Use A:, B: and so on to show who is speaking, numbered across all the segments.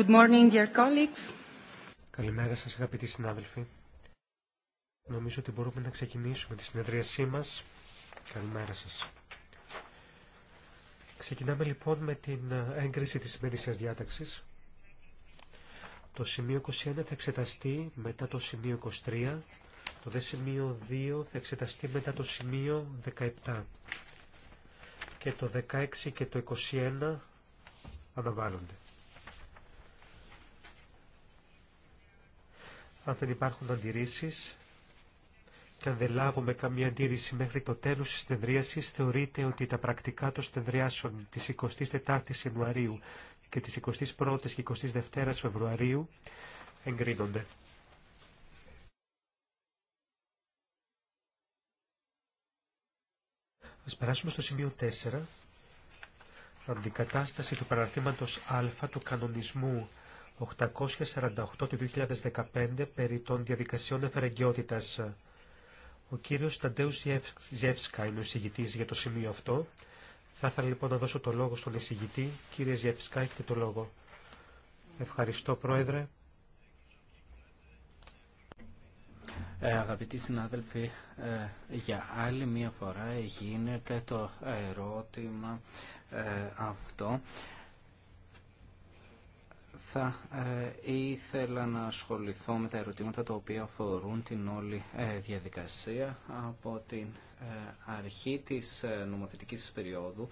A: Good morning, dear colleagues.
B: Καλημέρα σας αγαπητοί συνάδελφοι. Νομίζω ότι μπορούμε να ξεκινήσουμε τη συνεδρίασή μας. Καλημέρα σας. Ξεκινάμε λοιπόν με την ε, έγκριση της σημερινής διάταξης. Το σημείο 21 θα εξεταστεί μετά το σημείο 23. Το δε σημείο 2 θα εξεταστεί μετά το σημείο 17. Και το 16 και το 21 αναβάλλονται. Αν δεν υπάρχουν αντιρρήσει και αν δεν λάβουμε καμία αντίρρηση μέχρι το τέλο τη συνεδρίαση, θεωρείται ότι τα πρακτικά των συνεδριάσεων τη 24η Ιανουαρίου και τη 21η και 22η Φεβρουαρίου εγκρίνονται. Α περάσουμε στο σημείο 4. Αντικατάσταση του παραρτήματο α του κανονισμού 848 του 2015 περί των διαδικασιών εφαρεγγιότητας. Ο κύριος Ταντέους Ζεύσκα είναι ο εισηγητής για το σημείο αυτό. Θα ήθελα λοιπόν να δώσω το λόγο στον εισηγητή. Κύριε Ζεύσκα, έχετε το λόγο. Ευχαριστώ, Πρόεδρε.
C: Ε, αγαπητοί συνάδελφοι, ε, για άλλη μία φορά γίνεται το ερώτημα ε, αυτό θα ε, ήθελα να ασχοληθώ με τα ερωτήματα τα οποία αφορούν την όλη ε, διαδικασία από την ε, αρχή της ε, νομοθετικής περίοδου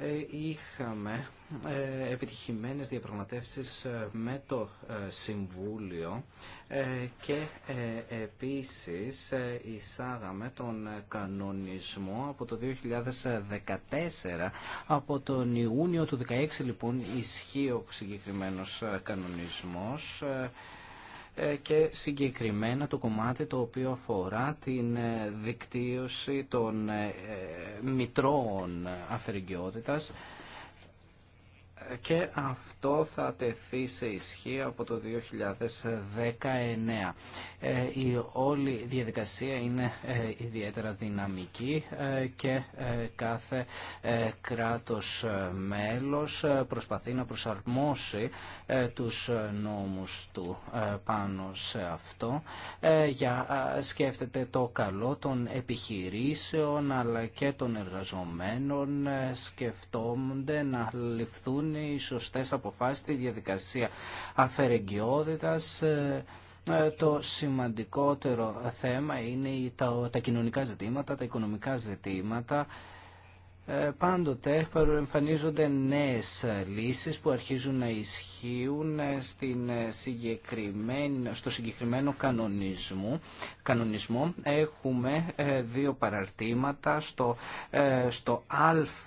C: ε, είχαμε ε, επιτυχημένες διαπραγματεύσεις ε, με το Συμβούλιο και επίσης εισάγαμε τον κανονισμό από το 2014. Από τον Ιούνιο του 2016 λοιπόν ισχύει ο συγκεκριμένος κανονισμός ε, και συγκεκριμένα το κομμάτι το οποίο αφορά την ε, δικτύωση των ε, μητρώων αφαιρεγγιότητας και αυτό θα τεθεί σε ισχύ από το 2019. Ε, η όλη διαδικασία είναι ε, ιδιαίτερα δυναμική ε, και κάθε κράτος μέλος προσπαθεί να προσαρμόσει τους νόμους του πάνω σε αυτό. Για σκέφτεται το καλό των επιχειρήσεων αλλά και των εργαζομένων σκεφτόμουν να ληφθούν οι σωστές αποφάσεις στη διαδικασία αφαιρεγγιότητας. Ε, ε, το σημαντικότερο θέμα είναι τα κοινωνικά ζητήματα, τα οικονομικά ζητήματα ε, πάντοτε εμφανίζονται νέες λύσεις που αρχίζουν να ισχύουν στην ε, στο συγκεκριμένο κανονισμό. κανονισμό. Έχουμε ε, δύο παραρτήματα. Στο, στο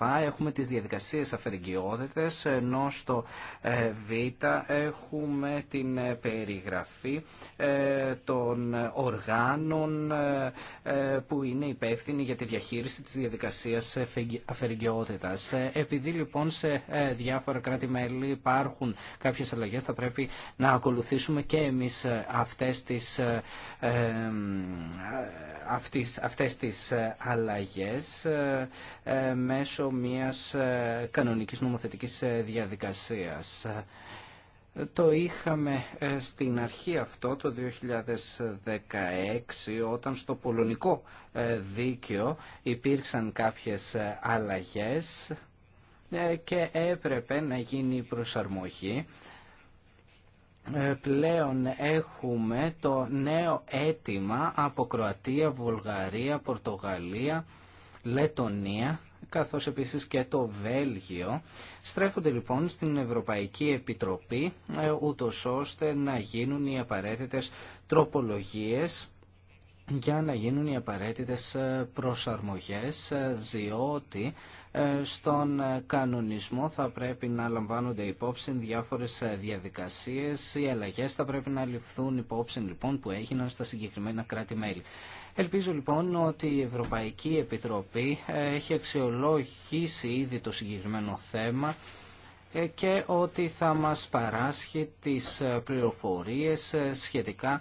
C: Α έχουμε τις διαδικασίες αφαιρεγγιότητες, ενώ στο Β έχουμε την περιγραφή των οργάνων που είναι υπεύθυνοι για τη διαχείριση της διαδικασίας ε, επειδή λοιπόν σε ε, διάφορα κράτη-μέλη υπάρχουν κάποιες αλλαγές θα πρέπει να ακολουθήσουμε και εμείς ε, αυτές τις, αυτές, αυτές τις αλλαγές μέσω μιας κανονικής νομοθετικής διαδικασίας. Το είχαμε ε, στην αρχή αυτό το 2016 όταν στο πολωνικό ε, δίκαιο υπήρξαν κάποιες ε, αλλαγές και έπρεπε να γίνει η προσαρμογή. Πλέον έχουμε το νέο αίτημα από Κροατία, Βουλγαρία, Πορτογαλία, Λετωνία καθώς επίσης και το Βέλγιο, στρέφονται λοιπόν στην Ευρωπαϊκή Επιτροπή, ε, ούτως ώστε να γίνουν οι απαραίτητες τροπολογίες για να γίνουν οι απαραίτητες ε, προσαρμογές, ε, διότι στον κανονισμό θα πρέπει να λαμβάνονται υπόψη διάφορες διαδικασίες, οι αλλαγές θα πρέπει να ληφθούν υπόψη λοιπόν που έγιναν στα συγκεκριμένα κράτη-μέλη. Ελπίζω λοιπόν ότι η Ευρωπαϊκή Επιτροπή ε, έχει αξιολόγησει ήδη το συγκεκριμένο θέμα ε, και ότι θα μας παράσχει τις ε, πληροφορίες σχετικά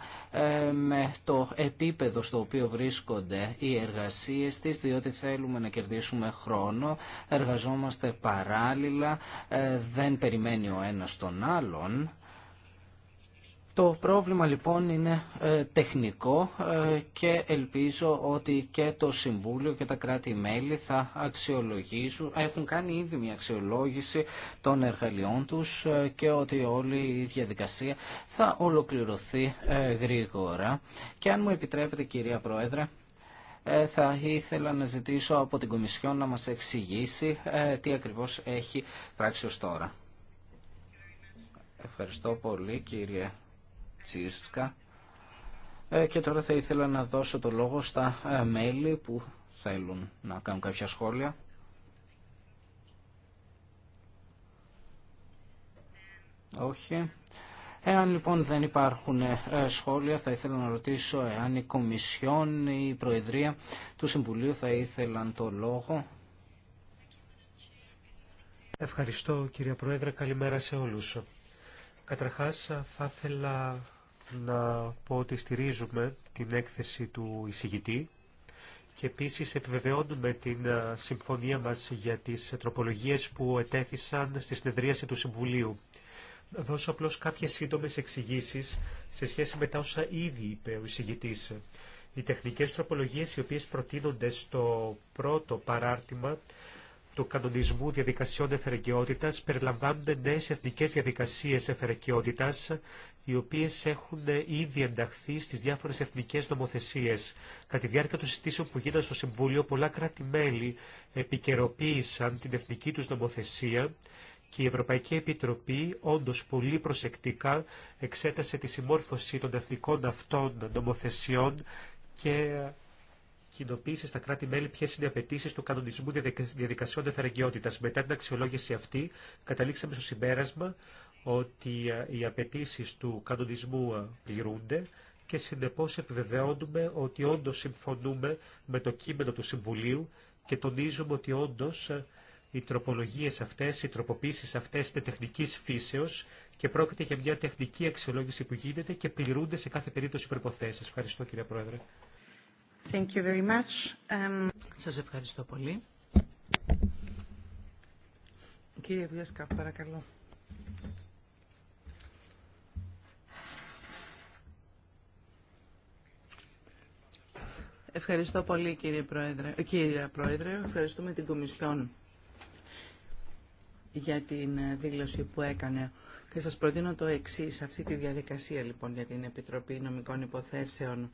C: με το επίπεδο στο οποίο βρίσκονται οι εργασίες της, διότι θέλουμε να κερδίσουμε χρόνο, εργαζόμαστε παράλληλα, δεν περιμένει ο ένας τον άλλον το πρόβλημα λοιπόν είναι ε, τεχνικό ε, και ελπίζω ότι και το Συμβούλιο και τα κράτη-μέλη θα αξιολογήσουν, έχουν κάνει ήδη μια αξιολόγηση των εργαλειών τους ε, και ότι όλη η διαδικασία θα ολοκληρωθεί γρήγορα. Και αν μου επιτρέπετε κυρία Πρόεδρε, θα ήθελα να ζητήσω από την Κομισιόν να μας εξηγήσει τι ακριβώς έχει πράξει ως τώρα. Ευχαριστώ πολύ κύριε Τσίσκα. Ε, και τώρα θα ήθελα να δώσω το λόγο στα ε, μέλη που θέλουν να κάνουν κάποια σχόλια. Όχι. Εάν λοιπόν δεν υπάρχουν ε, σχόλια, θα ήθελα να ρωτήσω εάν η Κομισιόν ή η Προεδρία του Συμβουλίου θα ήθελαν το λόγο.
B: Ευχαριστώ κυρία Πρόεδρε. Καλημέρα σε όλους. Καταρχάς θα ήθελα να πω ότι στηρίζουμε την έκθεση του εισηγητή και επίσης επιβεβαιώνουμε την συμφωνία μας για τις τροπολογίες που ετέθησαν στη συνεδρίαση του Συμβουλίου. Να δώσω απλώς κάποιες σύντομες εξηγήσει σε σχέση με τα όσα ήδη είπε ο εισηγητής. Οι τεχνικές τροπολογίες οι οποίες προτείνονται στο πρώτο παράρτημα του κανονισμού διαδικασιών εφερεγκαιότητας περιλαμβάνονται νέες εθνικές διαδικασίες εφερεγκαιότητας, οι οποίες έχουν ήδη ενταχθεί στις διάφορες εθνικές νομοθεσίες. Κατά τη διάρκεια των συστήσεων που γίνανε στο Συμβούλιο, πολλά κράτη-μέλη επικαιροποίησαν την εθνική τους νομοθεσία και η Ευρωπαϊκή Επιτροπή όντως πολύ προσεκτικά εξέτασε τη συμμόρφωση των εθνικών αυτών νομοθεσιών και κοινοποίησε στα κράτη-μέλη ποιε είναι οι απαιτήσει του κανονισμού διαδικασιών εφερεγγιότητα. Μετά την αξιολόγηση αυτή, καταλήξαμε στο συμπέρασμα ότι ε, οι απαιτήσει του κανονισμού ε, πληρούνται και συνεπώ επιβεβαιώνουμε ότι όντω συμφωνούμε με το κείμενο του Συμβουλίου και τονίζουμε ότι όντω ε, οι τροπολογίε αυτέ, οι τροποποίησει αυτέ είναι τεχνική φύσεω και πρόκειται για μια τεχνική αξιολόγηση που γίνεται και πληρούνται σε κάθε περίπτωση προποθέσει. Ευχαριστώ κύριε Πρόεδρε.
A: Thank you very much. Um, σας ευχαριστώ πολύ. Κύριε Βιέσκα, παρακαλώ. Ευχαριστώ πολύ κύριε Πρόεδρε. Ε, κύριε Πρόεδρε, ευχαριστούμε την Κομισιόν για την ε, δήλωση που έκανε. Και σας προτείνω το εξής, αυτή τη διαδικασία λοιπόν για την Επιτροπή Νομικών Υποθέσεων.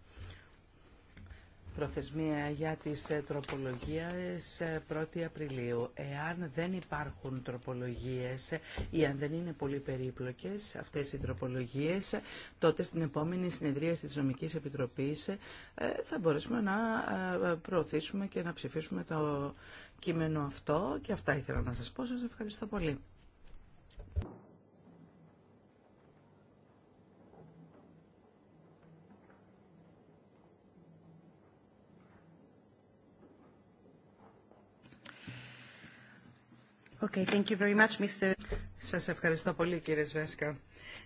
A: Προθεσμία για τις ε, τροπολογίες 1η ε, Απριλίου. Εάν δεν υπάρχουν τροπολογίες ή αν δεν είναι πολύ περίπλοκες αυτές οι τροπολογίες, τότε στην επόμενη συνεδρία της Νομικής Επιτροπής ε, θα μπορέσουμε να προωθήσουμε και να ψηφίσουμε το κείμενο αυτό. Και αυτά ήθελα να σας πω. Σας ευχαριστώ πολύ. Okay, Σας ευχαριστώ πολύ κύριε Σβέσκα.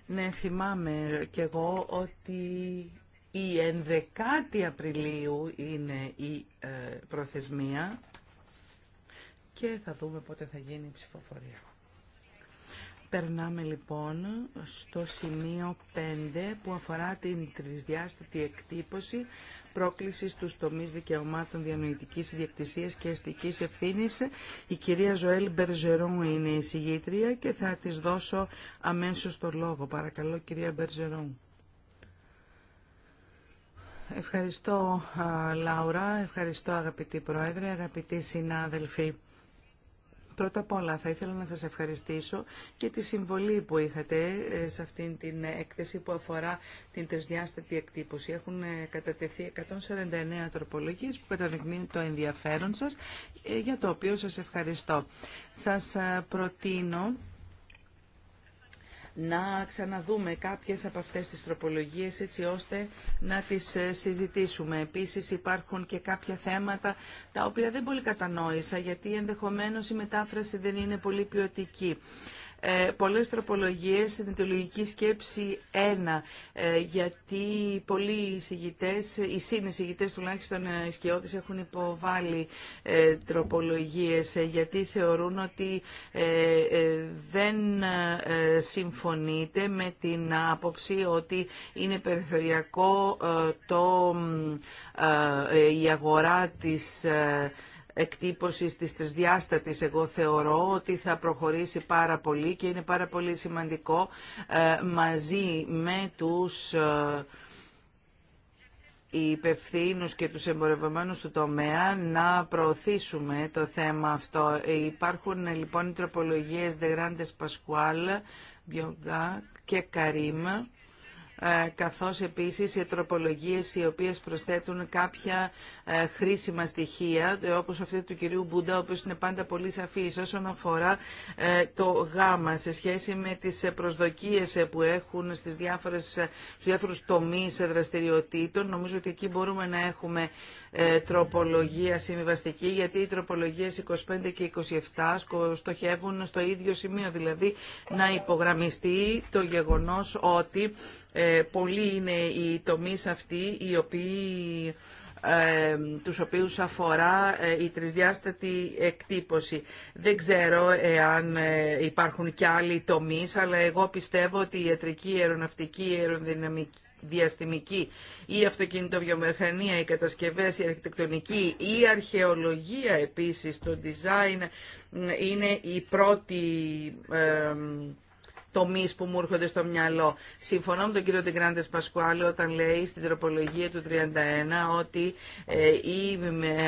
A: Ναι, θυμάμαι κι εγώ ότι η 11η Απριλίου είναι η ε, προθεσμία και θα δούμε πότε θα γίνει η ψηφοφορία. Περνάμε λοιπόν στο σημείο 5 που αφορά την τρισδιάστατη εκτύπωση πρόκληση στους τομείς δικαιωμάτων διανοητικής ιδιοκτησίας και αστικής ευθύνης. Η κυρία Ζωέλ Μπερζερόν είναι η συγγήτρια και θα της δώσω αμέσως το λόγο. Παρακαλώ κυρία Μπερζερόν. Ευχαριστώ Λάουρα, ευχαριστώ αγαπητή Πρόεδρε, αγαπητοί συνάδελφοι. Πρώτα απ' όλα θα ήθελα να σας ευχαριστήσω και τη συμβολή που είχατε ε, σε αυτήν την έκθεση που αφορά την τρισδιάστατη εκτύπωση. Έχουν ε, κατατεθεί 149 τροπολογίες που καταδεικνύουν το ενδιαφέρον σας, ε, για το οποίο σας ευχαριστώ. Σας προτείνω να ξαναδούμε κάποιες από αυτές τις τροπολογίες έτσι ώστε να τις ε, συζητήσουμε. Επίσης υπάρχουν και κάποια θέματα τα οποία δεν πολύ κατανόησα γιατί ενδεχομένως η μετάφραση δεν είναι πολύ ποιοτική. Ε, πολλές τροπολογίες στην ιδεολογική σκέψη 1, ε, γιατί πολλοί εισηγητές, οι συνεισηγητές τουλάχιστον ε, οι έχουν υποβάλει τροπολογίες, γιατί θεωρούν ότι δεν συμφωνείται με την άποψη ότι είναι περιθωριακό το, η αγορά της Εκτύπωση της τρισδιάστατης εγώ θεωρώ ότι θα προχωρήσει πάρα πολύ και είναι πάρα πολύ σημαντικό ε, μαζί με τους ε, οι υπευθύνους και τους εμπορευμένους του τομέα να προωθήσουμε το θέμα αυτό. Ε, υπάρχουν λοιπόν οι τροπολογίες Δεγράντες Pascual, Μπιογκά και Καρίμα ε, καθώς επίσης οι τροπολογίες οι οποίες προσθέτουν κάποια ε, χρήσιμα στοιχεία, ε, όπως αυτή του κυρίου Μπούντα, ο είναι πάντα πολύ σαφής όσον αφορά το γάμα σε σχέση με τις προσδοκίες που έχουν στις διάφορες, στους τομείς δραστηριοτήτων. Νομίζω ότι εκεί μπορούμε να έχουμε ε, τροπολογία συμβιβαστική, γιατί οι τροπολογίες 25 και 27 στοχεύουν στο ίδιο σημείο, δηλαδή να υπογραμμιστεί το γεγονός ότι ε, πολλοί είναι οι τομείς αυτοί οι οποίοι ε, τους οποίους αφορά η τρισδιάστατη εκτύπωση. Δεν ξέρω εάν υπάρχουν και άλλοι τομείς, αλλά εγώ πιστεύω ότι η ιατρική, η αεροναυτική, η αεροδυναμική διαστημική, η αυτοκινητοβιομηχανία, οι κατασκευές, η αρχιτεκτονική, η αρχαιολογία επίσης, το design ε, είναι η πρώτη... Ε, Τομεί που μου έρχονται στο μυαλό. Συμφωνώ με τον κύριο Τεγκράντες Πασκουάλη όταν λέει στην τροπολογία του 31 ότι ε, η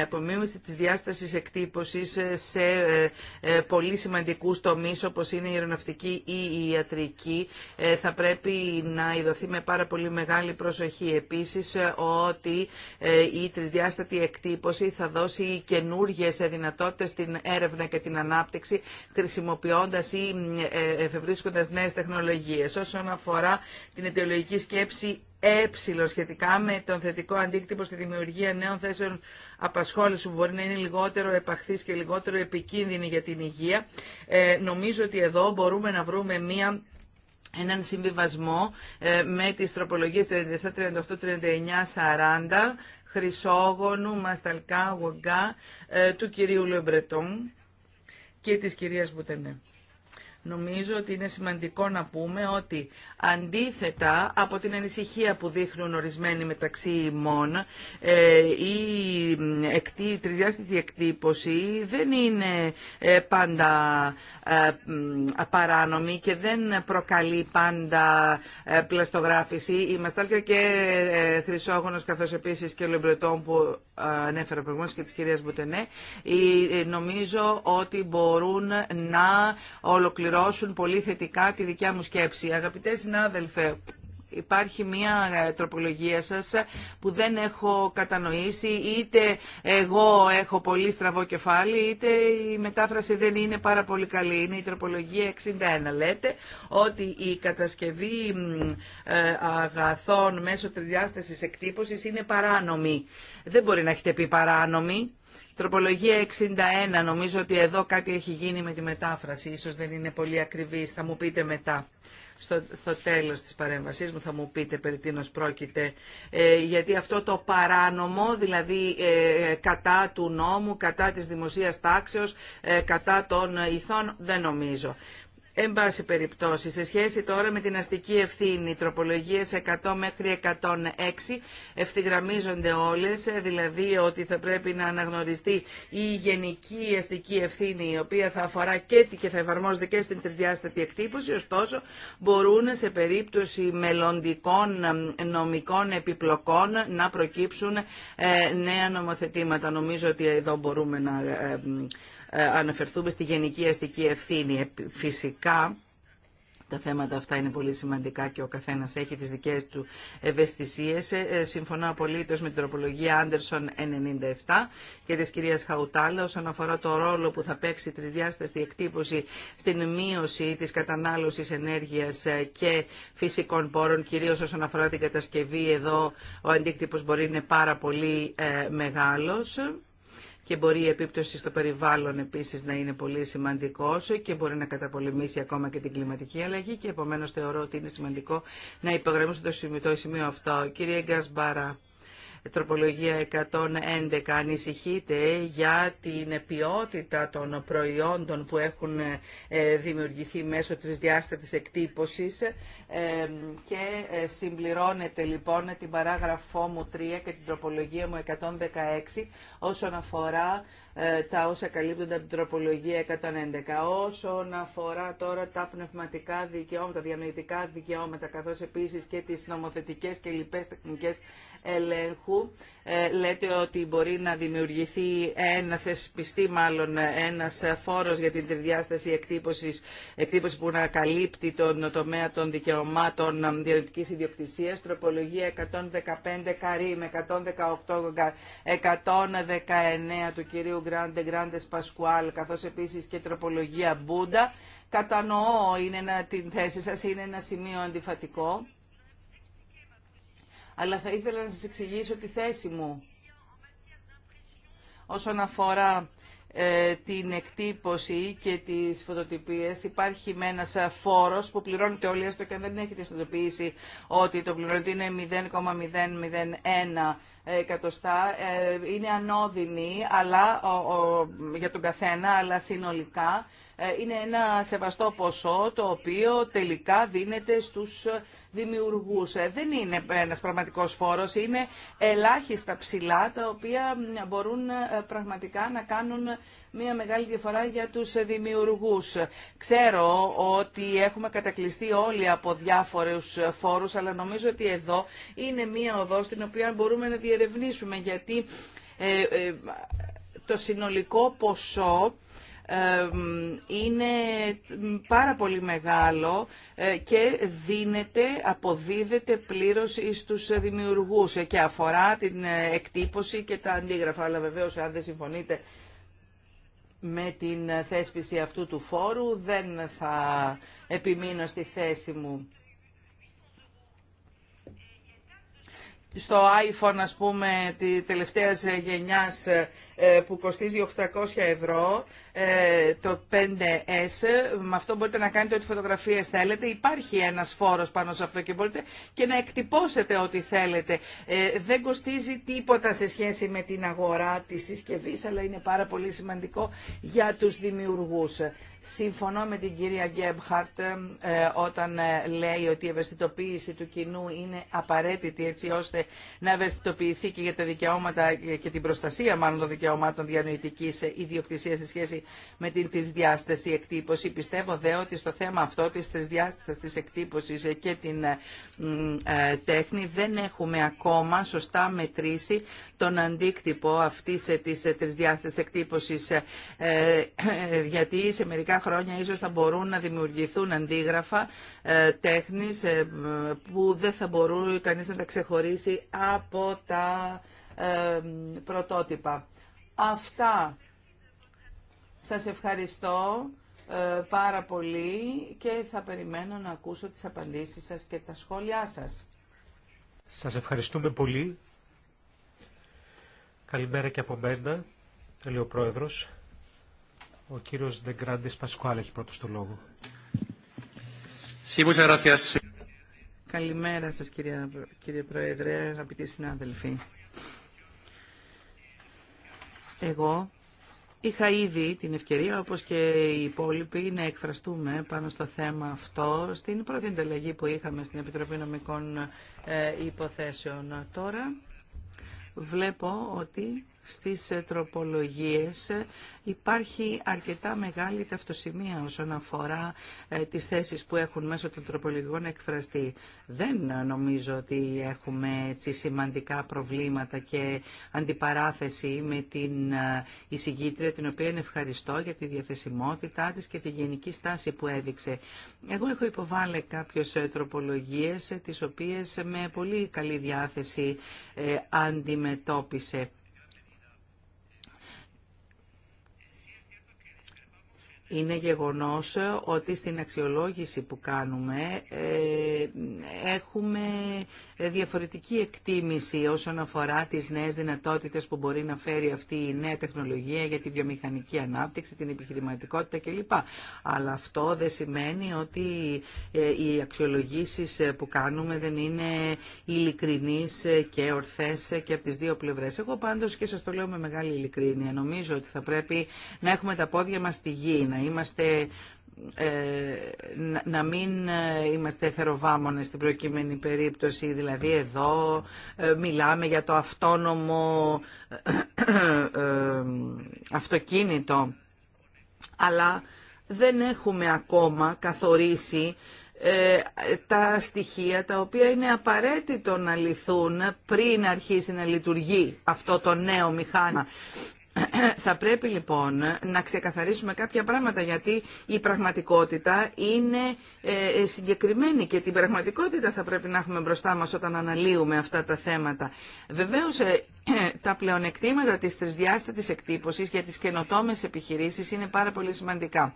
A: απομείωση τη διάσταση εκτύπωση σε ε, ε, πολύ σημαντικού τομεί, όπω είναι η αεροναυτική ή η ιατρική θα πρέπει να ειδωθεί με πάρα πολύ μεγάλη προσοχή. Επίσης ότι η τρισδιάστατη εκτύπωση θα δώσει καινούργιες εκτυπωση θα δωσει καινούργιε δυνατότητε στην έρευνα και την ανάπτυξη χρησιμοποιώντα ή εφευρίσκοντα Νέε τεχνολογίε Όσον αφορά την αιτιολογική σκέψη ε σχετικά με τον θετικό αντίκτυπο στη δημιουργία νέων θέσεων απασχόληση που μπορεί να είναι λιγότερο επαχθής και λιγότερο επικίνδυνη για την υγεία, ε, νομίζω ότι εδώ μπορούμε να βρούμε μία έναν συμβιβασμό ε, με τις τροπολογίες 37, 38, 39, 40, Χρυσόγονου, Μασταλκά, Γουγκά, ε, του κυρίου Λεμπρετών και της κυρίας Μπουτενέ. Νομίζω ότι είναι σημαντικό να πούμε ότι αντίθετα από την ανησυχία που δείχνουν ορισμένοι μεταξύ ημών, ε, η εκτί, τριδιάστητη εκτύπωση δεν είναι ε, πάντα ε, παράνομη και δεν προκαλεί πάντα πλαστογράφηση. Η Μαστάλκια και θρυσόγονος καθώς επίσης και ο Λεμπρετών που ανέφερα προηγουμένως και της κυρίας Μπουτενέ νομίζω ότι μπορούν να ολοκληρώσουν συμπληρώσουν πολύ θετικά τη δικιά μου σκέψη. Αγαπητέ συνάδελφε, Υπάρχει μια ε, τροπολογία σας ε, που δεν έχω κατανοήσει, είτε εγώ έχω πολύ στραβό κεφάλι, είτε η μετάφραση δεν είναι πάρα πολύ καλή. Είναι η τροπολογία 61. Λέτε ότι η κατασκευή ε, αγαθών μέσω τριδιάστασης εκτύπωσης είναι παράνομη. Δεν μπορεί να έχετε πει παράνομη. Τροπολογία 61. Νομίζω ότι εδώ κάτι έχει γίνει με τη μετάφραση. Ίσως δεν είναι πολύ ακριβής. Θα μου πείτε μετά. Στο, στο τέλος της παρέμβασής μου θα μου πείτε περί τίνος πρόκειται. Ε, γιατί αυτό το παράνομο, δηλαδή ε, κατά του νόμου, κατά της δημοσίας τάξεως, ε, κατά των ηθών, δεν νομίζω. Εν πάση περιπτώσει, σε σχέση τώρα με την αστική ευθύνη, οι τροπολογίες 100 μέχρι 106 ευθυγραμμίζονται όλες, δηλαδή ότι θα πρέπει να αναγνωριστεί η γενική αστική ευθύνη, η οποία θα αφορά και και θα εφαρμόζεται και στην τρισδιάστατη εκτύπωση, ωστόσο μπορούν σε περίπτωση μελλοντικών νομικών επιπλοκών να προκύψουν ε, νέα νομοθετήματα. Νομίζω ότι εδώ μπορούμε να ε, ε, αναφερθούμε στη γενική αστική ευθύνη. Ε, φυσικά, τα θέματα αυτά είναι πολύ σημαντικά και ο καθένα έχει τι δικέ του ευαισθησίε. Ε, συμφωνώ απολύτω με την τροπολογία Άντερσον 97 και τη κυρία Χαουτάλα όσον αφορά το ρόλο που θα παίξει η τρισδιάστατη εκτύπωση στην μείωση τη κατανάλωση ενέργεια και φυσικών πόρων, κυρίω όσον αφορά την κατασκευή. Εδώ ο αντίκτυπο μπορεί να είναι πάρα πολύ μεγάλο και μπορεί η επίπτωση στο περιβάλλον επίσης να είναι πολύ σημαντικός και μπορεί να καταπολεμήσει ακόμα και την κλιματική αλλαγή και επομένως θεωρώ ότι είναι σημαντικό να υπογραμμίσω το σημείο αυτό. Κύριε Γκασμπάρα τροπολογία 111. ανησυχείται για την ποιότητα των προϊόντων που έχουν ε, δημιουργηθεί μέσω της διάστατης εκτύπωσης ε, και ε, συμπληρώνεται λοιπόν την παράγραφό μου 3 και την τροπολογία μου 116 όσον αφορά ε, τα όσα καλύπτονται από την τροπολογία 111. Όσον αφορά τώρα τα πνευματικά δικαιώματα, τα διανοητικά δικαιώματα, καθώς επίσης και τις νομοθετικές και λοιπές τεχνικές ελέγχου, ε, λέτε ότι μπορεί να δημιουργηθεί ένα θεσπιστή μάλλον ένας φόρος για την τριδιάσταση εκτύπωσης, εκτύπωση που να καλύπτει τον τομέα των δικαιωμάτων διανοητικής ιδιοκτησίας, τροπολογία 115 Καρή με 118, 119 του κυρίου Γκράντε Γκράντε Πασκουάλ, καθώς επίσης και τροπολογία Μπούντα. Κατανοώ είναι την θέση σας, είναι ένα σημείο αντιφατικό αλλά θα ήθελα να σας εξηγήσω τη θέση μου όσον αφορά ε, την εκτύπωση και τις φωτοτυπίες υπάρχει με ένας ε, φόρος που πληρώνεται όλοι έστω και αν δεν έχετε συνειδητοποιήσει ότι το πληρώνεται είναι 0,001 ε, εκατοστά είναι ανώδυνη αλλά, ο, για τον καθένα αλλά συνολικά είναι ένα σεβαστό ποσό το οποίο τελικά δίνεται στους δημιουργούς. Δεν είναι ένας πραγματικός φόρος, είναι ελάχιστα ψηλά τα οποία μπορούν ε, πραγματικά να κάνουν μια μεγάλη διαφορά για τους δημιουργούς. Ξέρω ότι έχουμε κατακλειστεί όλοι από διάφορους φόρους, αλλά νομίζω ότι εδώ είναι μια οδός την οποία μπορούμε να διερευνήσουμε, γιατί ε, ε, το συνολικό ποσό είναι πάρα πολύ μεγάλο ε, και δίνεται, αποδίδεται πλήρως στους δημιουργούς ε, και αφορά την ε, εκτύπωση και τα αντίγραφα. Αλλά βεβαίως αν δεν συμφωνείτε με την θέσπιση αυτού του φόρου δεν θα επιμείνω στη θέση μου. Στο iPhone, ας πούμε, τη τελευταίας γενιάς ε, που κοστίζει 800 ευρώ, ε, το 5S. Με αυτό μπορείτε να κάνετε ό,τι φωτογραφίες θέλετε. Υπάρχει ένας φόρος πάνω σε αυτό και μπορείτε και να εκτυπώσετε ό,τι θέλετε. Ε, δεν κοστίζει τίποτα σε σχέση με την αγορά της συσκευή, αλλά είναι πάρα πολύ σημαντικό για τους δημιουργούς. Συμφωνώ με την κυρία Γκέμπχαρτ όταν λέει ότι η ευαισθητοποίηση του κοινού είναι απαραίτητη έτσι ώστε να ευαισθητοποιηθεί και για τα δικαιώματα και την προστασία μάλλον των δικαιωμάτων διανοητική ιδιοκτησία σε σχέση με την τρισδιάσταση εκτύπωση. Πιστεύω δε ότι στο θέμα αυτό τη τρισδιάστασης εκτύπωση εκτύπωσης και την ε, ε, τέχνη δεν έχουμε ακόμα σωστά μετρήσει τον αντίκτυπο αυτής ε, της τρισδιάστασης εκτύπωσης γιατί σε μερικά χρόνια ίσω θα μπορούν να δημιουργηθούν αντίγραφα τέχνης που δεν θα μπορούν κανείς να τα ξεχωρίσει από τα πρωτότυπα. Αυτά. Σας ευχαριστώ ε, πάρα πολύ και θα περιμένω να ακούσω τις απαντήσεις σας και τα σχόλιά σας.
B: Σας ευχαριστούμε πολύ. Καλημέρα και από μένα, λέει ο Πρόεδρος. Ο κύριος Δεγκράντης Πασκουάλ έχει πρώτος το λόγο.
A: Καλημέρα σας κύριε, κύριε Πρόεδρε, αγαπητοί συνάδελφοι. Εγώ είχα ήδη την ευκαιρία, όπως και οι υπόλοιποι, να εκφραστούμε πάνω στο θέμα αυτό στην πρώτη ανταλλαγή που είχαμε στην Επιτροπή Νομικών ε, Υποθέσεων. Τώρα βλέπω ότι στις ε, τροπολογίες υπάρχει αρκετά μεγάλη ταυτοσημεία όσον αφορά ε, τις θέσεις που έχουν μέσω των τροπολογικών εκφραστεί. Δεν ε, νομίζω ότι έχουμε έτσι σημαντικά προβλήματα και αντιπαράθεση με την εισηγήτρια την οποία ευχαριστώ για τη διαθεσιμότητά της και τη γενική στάση που έδειξε. Εγώ έχω υποβάλει κάποιες τροπολογίες τις οποίες με πολύ καλή διάθεση αντιμετώπισε Είναι γεγονός ότι στην αξιολόγηση που κάνουμε ε, έχουμε διαφορετική εκτίμηση όσον αφορά τις νέες δυνατότητες που μπορεί να φέρει αυτή η νέα τεχνολογία για τη βιομηχανική ανάπτυξη, την επιχειρηματικότητα κλπ. Αλλά αυτό δεν σημαίνει ότι ε, οι αξιολογήσεις ε, που κάνουμε δεν είναι ειλικρινείς ε, και ορθές και από τις δύο πλευρές. Εγώ πάντως και σας το λέω με μεγάλη ειλικρίνεια. Νομίζω ότι θα πρέπει να έχουμε τα πόδια μας στη γη, να είμαστε ε, να μην ε, είμαστε θεροβάμονες στην προκειμένη περίπτωση. Δηλαδή εδώ ε, μιλάμε για το αυτόνομο αυτοκίνητο, αλλά δεν έχουμε ακόμα καθορίσει τα στοιχεία τα οποία είναι απαραίτητο να λυθούν πριν αρχίσει να λειτουργεί αυτό το νέο μηχάνημα. Θα πρέπει λοιπόν να ξεκαθαρίσουμε κάποια πράγματα γιατί η πραγματικότητα είναι ε, ε, συγκεκριμένη και την πραγματικότητα θα πρέπει να έχουμε μπροστά μας όταν αναλύουμε αυτά τα θέματα. Βεβαίως ε, τα πλεονεκτήματα της τρισδιάστατης εκτύπωσης για τις καινοτόμες επιχειρήσεις είναι πάρα πολύ σημαντικά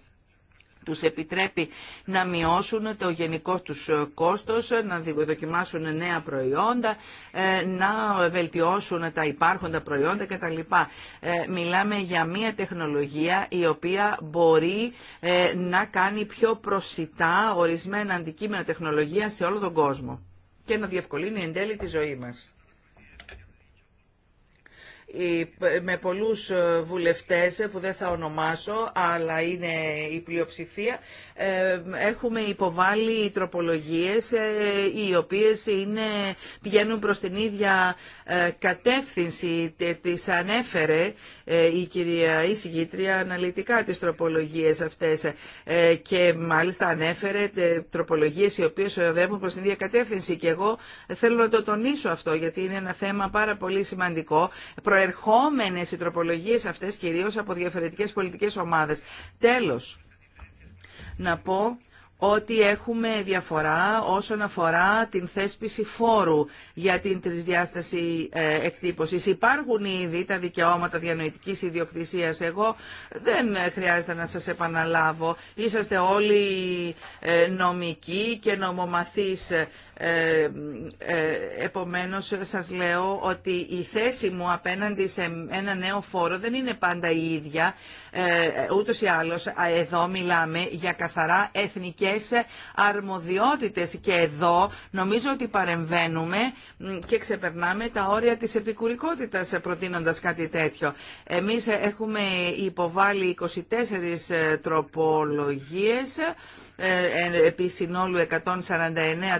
A: τους επιτρέπει να μειώσουν το γενικό τους κόστος, να δοκιμάσουν νέα προϊόντα, ε, να βελτιώσουν τα υπάρχοντα προϊόντα κτλ. Ε, μιλάμε για μια τεχνολογία η οποία μπορεί ε, να κάνει πιο προσιτά ορισμένα αντικείμενα τεχνολογία σε όλο τον κόσμο και να διευκολύνει εν τέλει τη ζωή μας με πολλούς ε, βουλευτές ε, που δεν θα ονομάσω, αλλά είναι η πλειοψηφία, ε, έχουμε υποβάλει τροπολογίες οι οποίες είναι, πηγαίνουν προς την ίδια κατεύθυνση. Τις ανέφερε η κυρία εισηγήτρια αναλυτικά τις τροπολογίες αυτές και μάλιστα ανέφερε τροπολογίες οι οποίες οδεύουν προς την ίδια κατεύθυνση και εγώ θέλω να το τονίσω αυτό γιατί είναι ένα θέμα πάρα πολύ σημαντικό προερχόμενες οι τροπολογίες αυτές κυρίως από διαφορετικές πολιτικές ομάδες. Τέλος, να πω ότι έχουμε διαφορά όσον αφορά την θέσπιση φόρου για την τρισδιάσταση ε, εκτύπωσης. Υπάρχουν ήδη τα δικαιώματα διανοητικής ιδιοκτησίας. Εγώ δεν χρειάζεται να σας επαναλάβω. Είσαστε όλοι ε, νομικοί και νομομαθείς ε, ε, επομένως, σας λέω ότι η θέση μου απέναντι σε ένα νέο φόρο δεν είναι πάντα η ίδια. Ε, ούτως ή άλλως, εδώ μιλάμε για καθαρά εθνικές αρμοδιότητες και εδώ νομίζω ότι παρεμβαίνουμε και ξεπερνάμε τα όρια της επικουρικότητας προτείνοντας κάτι τέτοιο. Εμείς έχουμε υποβάλει 24 τροπολογίες ε, ε, επί συνόλου 149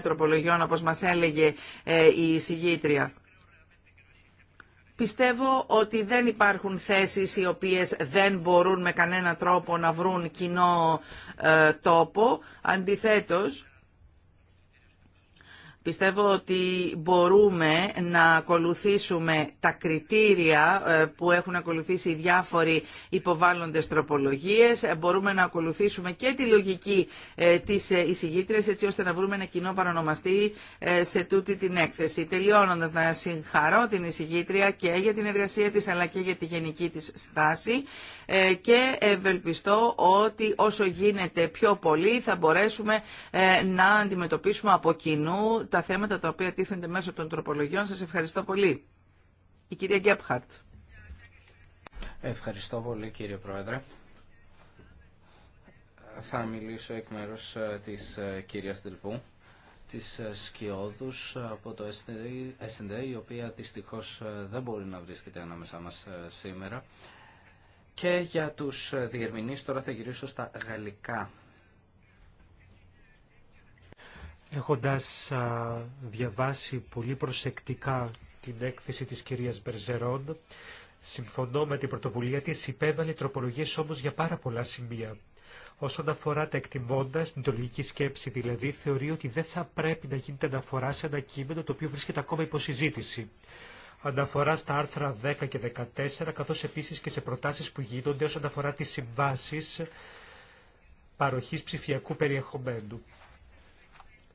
A: τροπολογιών, όπως μας έλεγε ε, η συγγήτρια. Πιστεύω ότι δεν υπάρχουν θέσεις οι οποίες δεν μπορούν με κανένα τρόπο να βρουν κοινό τόπο. Αντιθέτως, Πιστεύω ότι μπορούμε να ακολουθήσουμε τα κριτήρια ε, που έχουν ακολουθήσει οι διάφοροι υποβάλλοντες τροπολογίες. Ε, μπορούμε να ακολουθήσουμε και τη λογική ε, της εισηγήτριας έτσι ώστε να βρούμε ένα κοινό παρονομαστή σε τούτη την έκθεση. Τελειώνοντας να συγχαρώ την εισηγήτρια και για την εργασία της αλλά και για τη γενική της στάση και ευελπιστώ ότι όσο γίνεται πιο πολύ θα μπορέσουμε να αντιμετωπίσουμε από κοινού τα θέματα τα οποία τίθενται μέσω των τροπολογιών. Σας ευχαριστώ πολύ. Η κυρία Γκέπχαρτ.
C: Ευχαριστώ πολύ κύριε Πρόεδρε. Θα μιλήσω εκ μέρους ε, της ε, κυρίας Δελβού, της ε, Σκιώδους από το S.N.D. η οποία δυστυχώς δεν μπορεί να βρίσκεται ανάμεσά μας σήμερα. Και για τους διερμηνείς τώρα θα γυρίσω στα γαλλικά
B: Έχοντας διαβάσει πολύ προσεκτικά την έκθεση της κυρίας Μπερζερόν, συμφωνώ με την πρωτοβουλία της, υπέβαλε τροπολογίες όμως για πάρα πολλά σημεία. Όσον αφορά τα εκτιμώντα, την τολική σκέψη δηλαδή, θεωρεί ότι δεν θα πρέπει να γίνεται αναφορά σε ένα κείμενο το οποίο βρίσκεται ακόμα υποσυζήτηση. Αναφορά στα άρθρα 10 και 14, καθώς επίσης και σε προτάσεις που γίνονται όσον αφορά τις συμβάσεις παροχής ψηφιακού περιεχομένου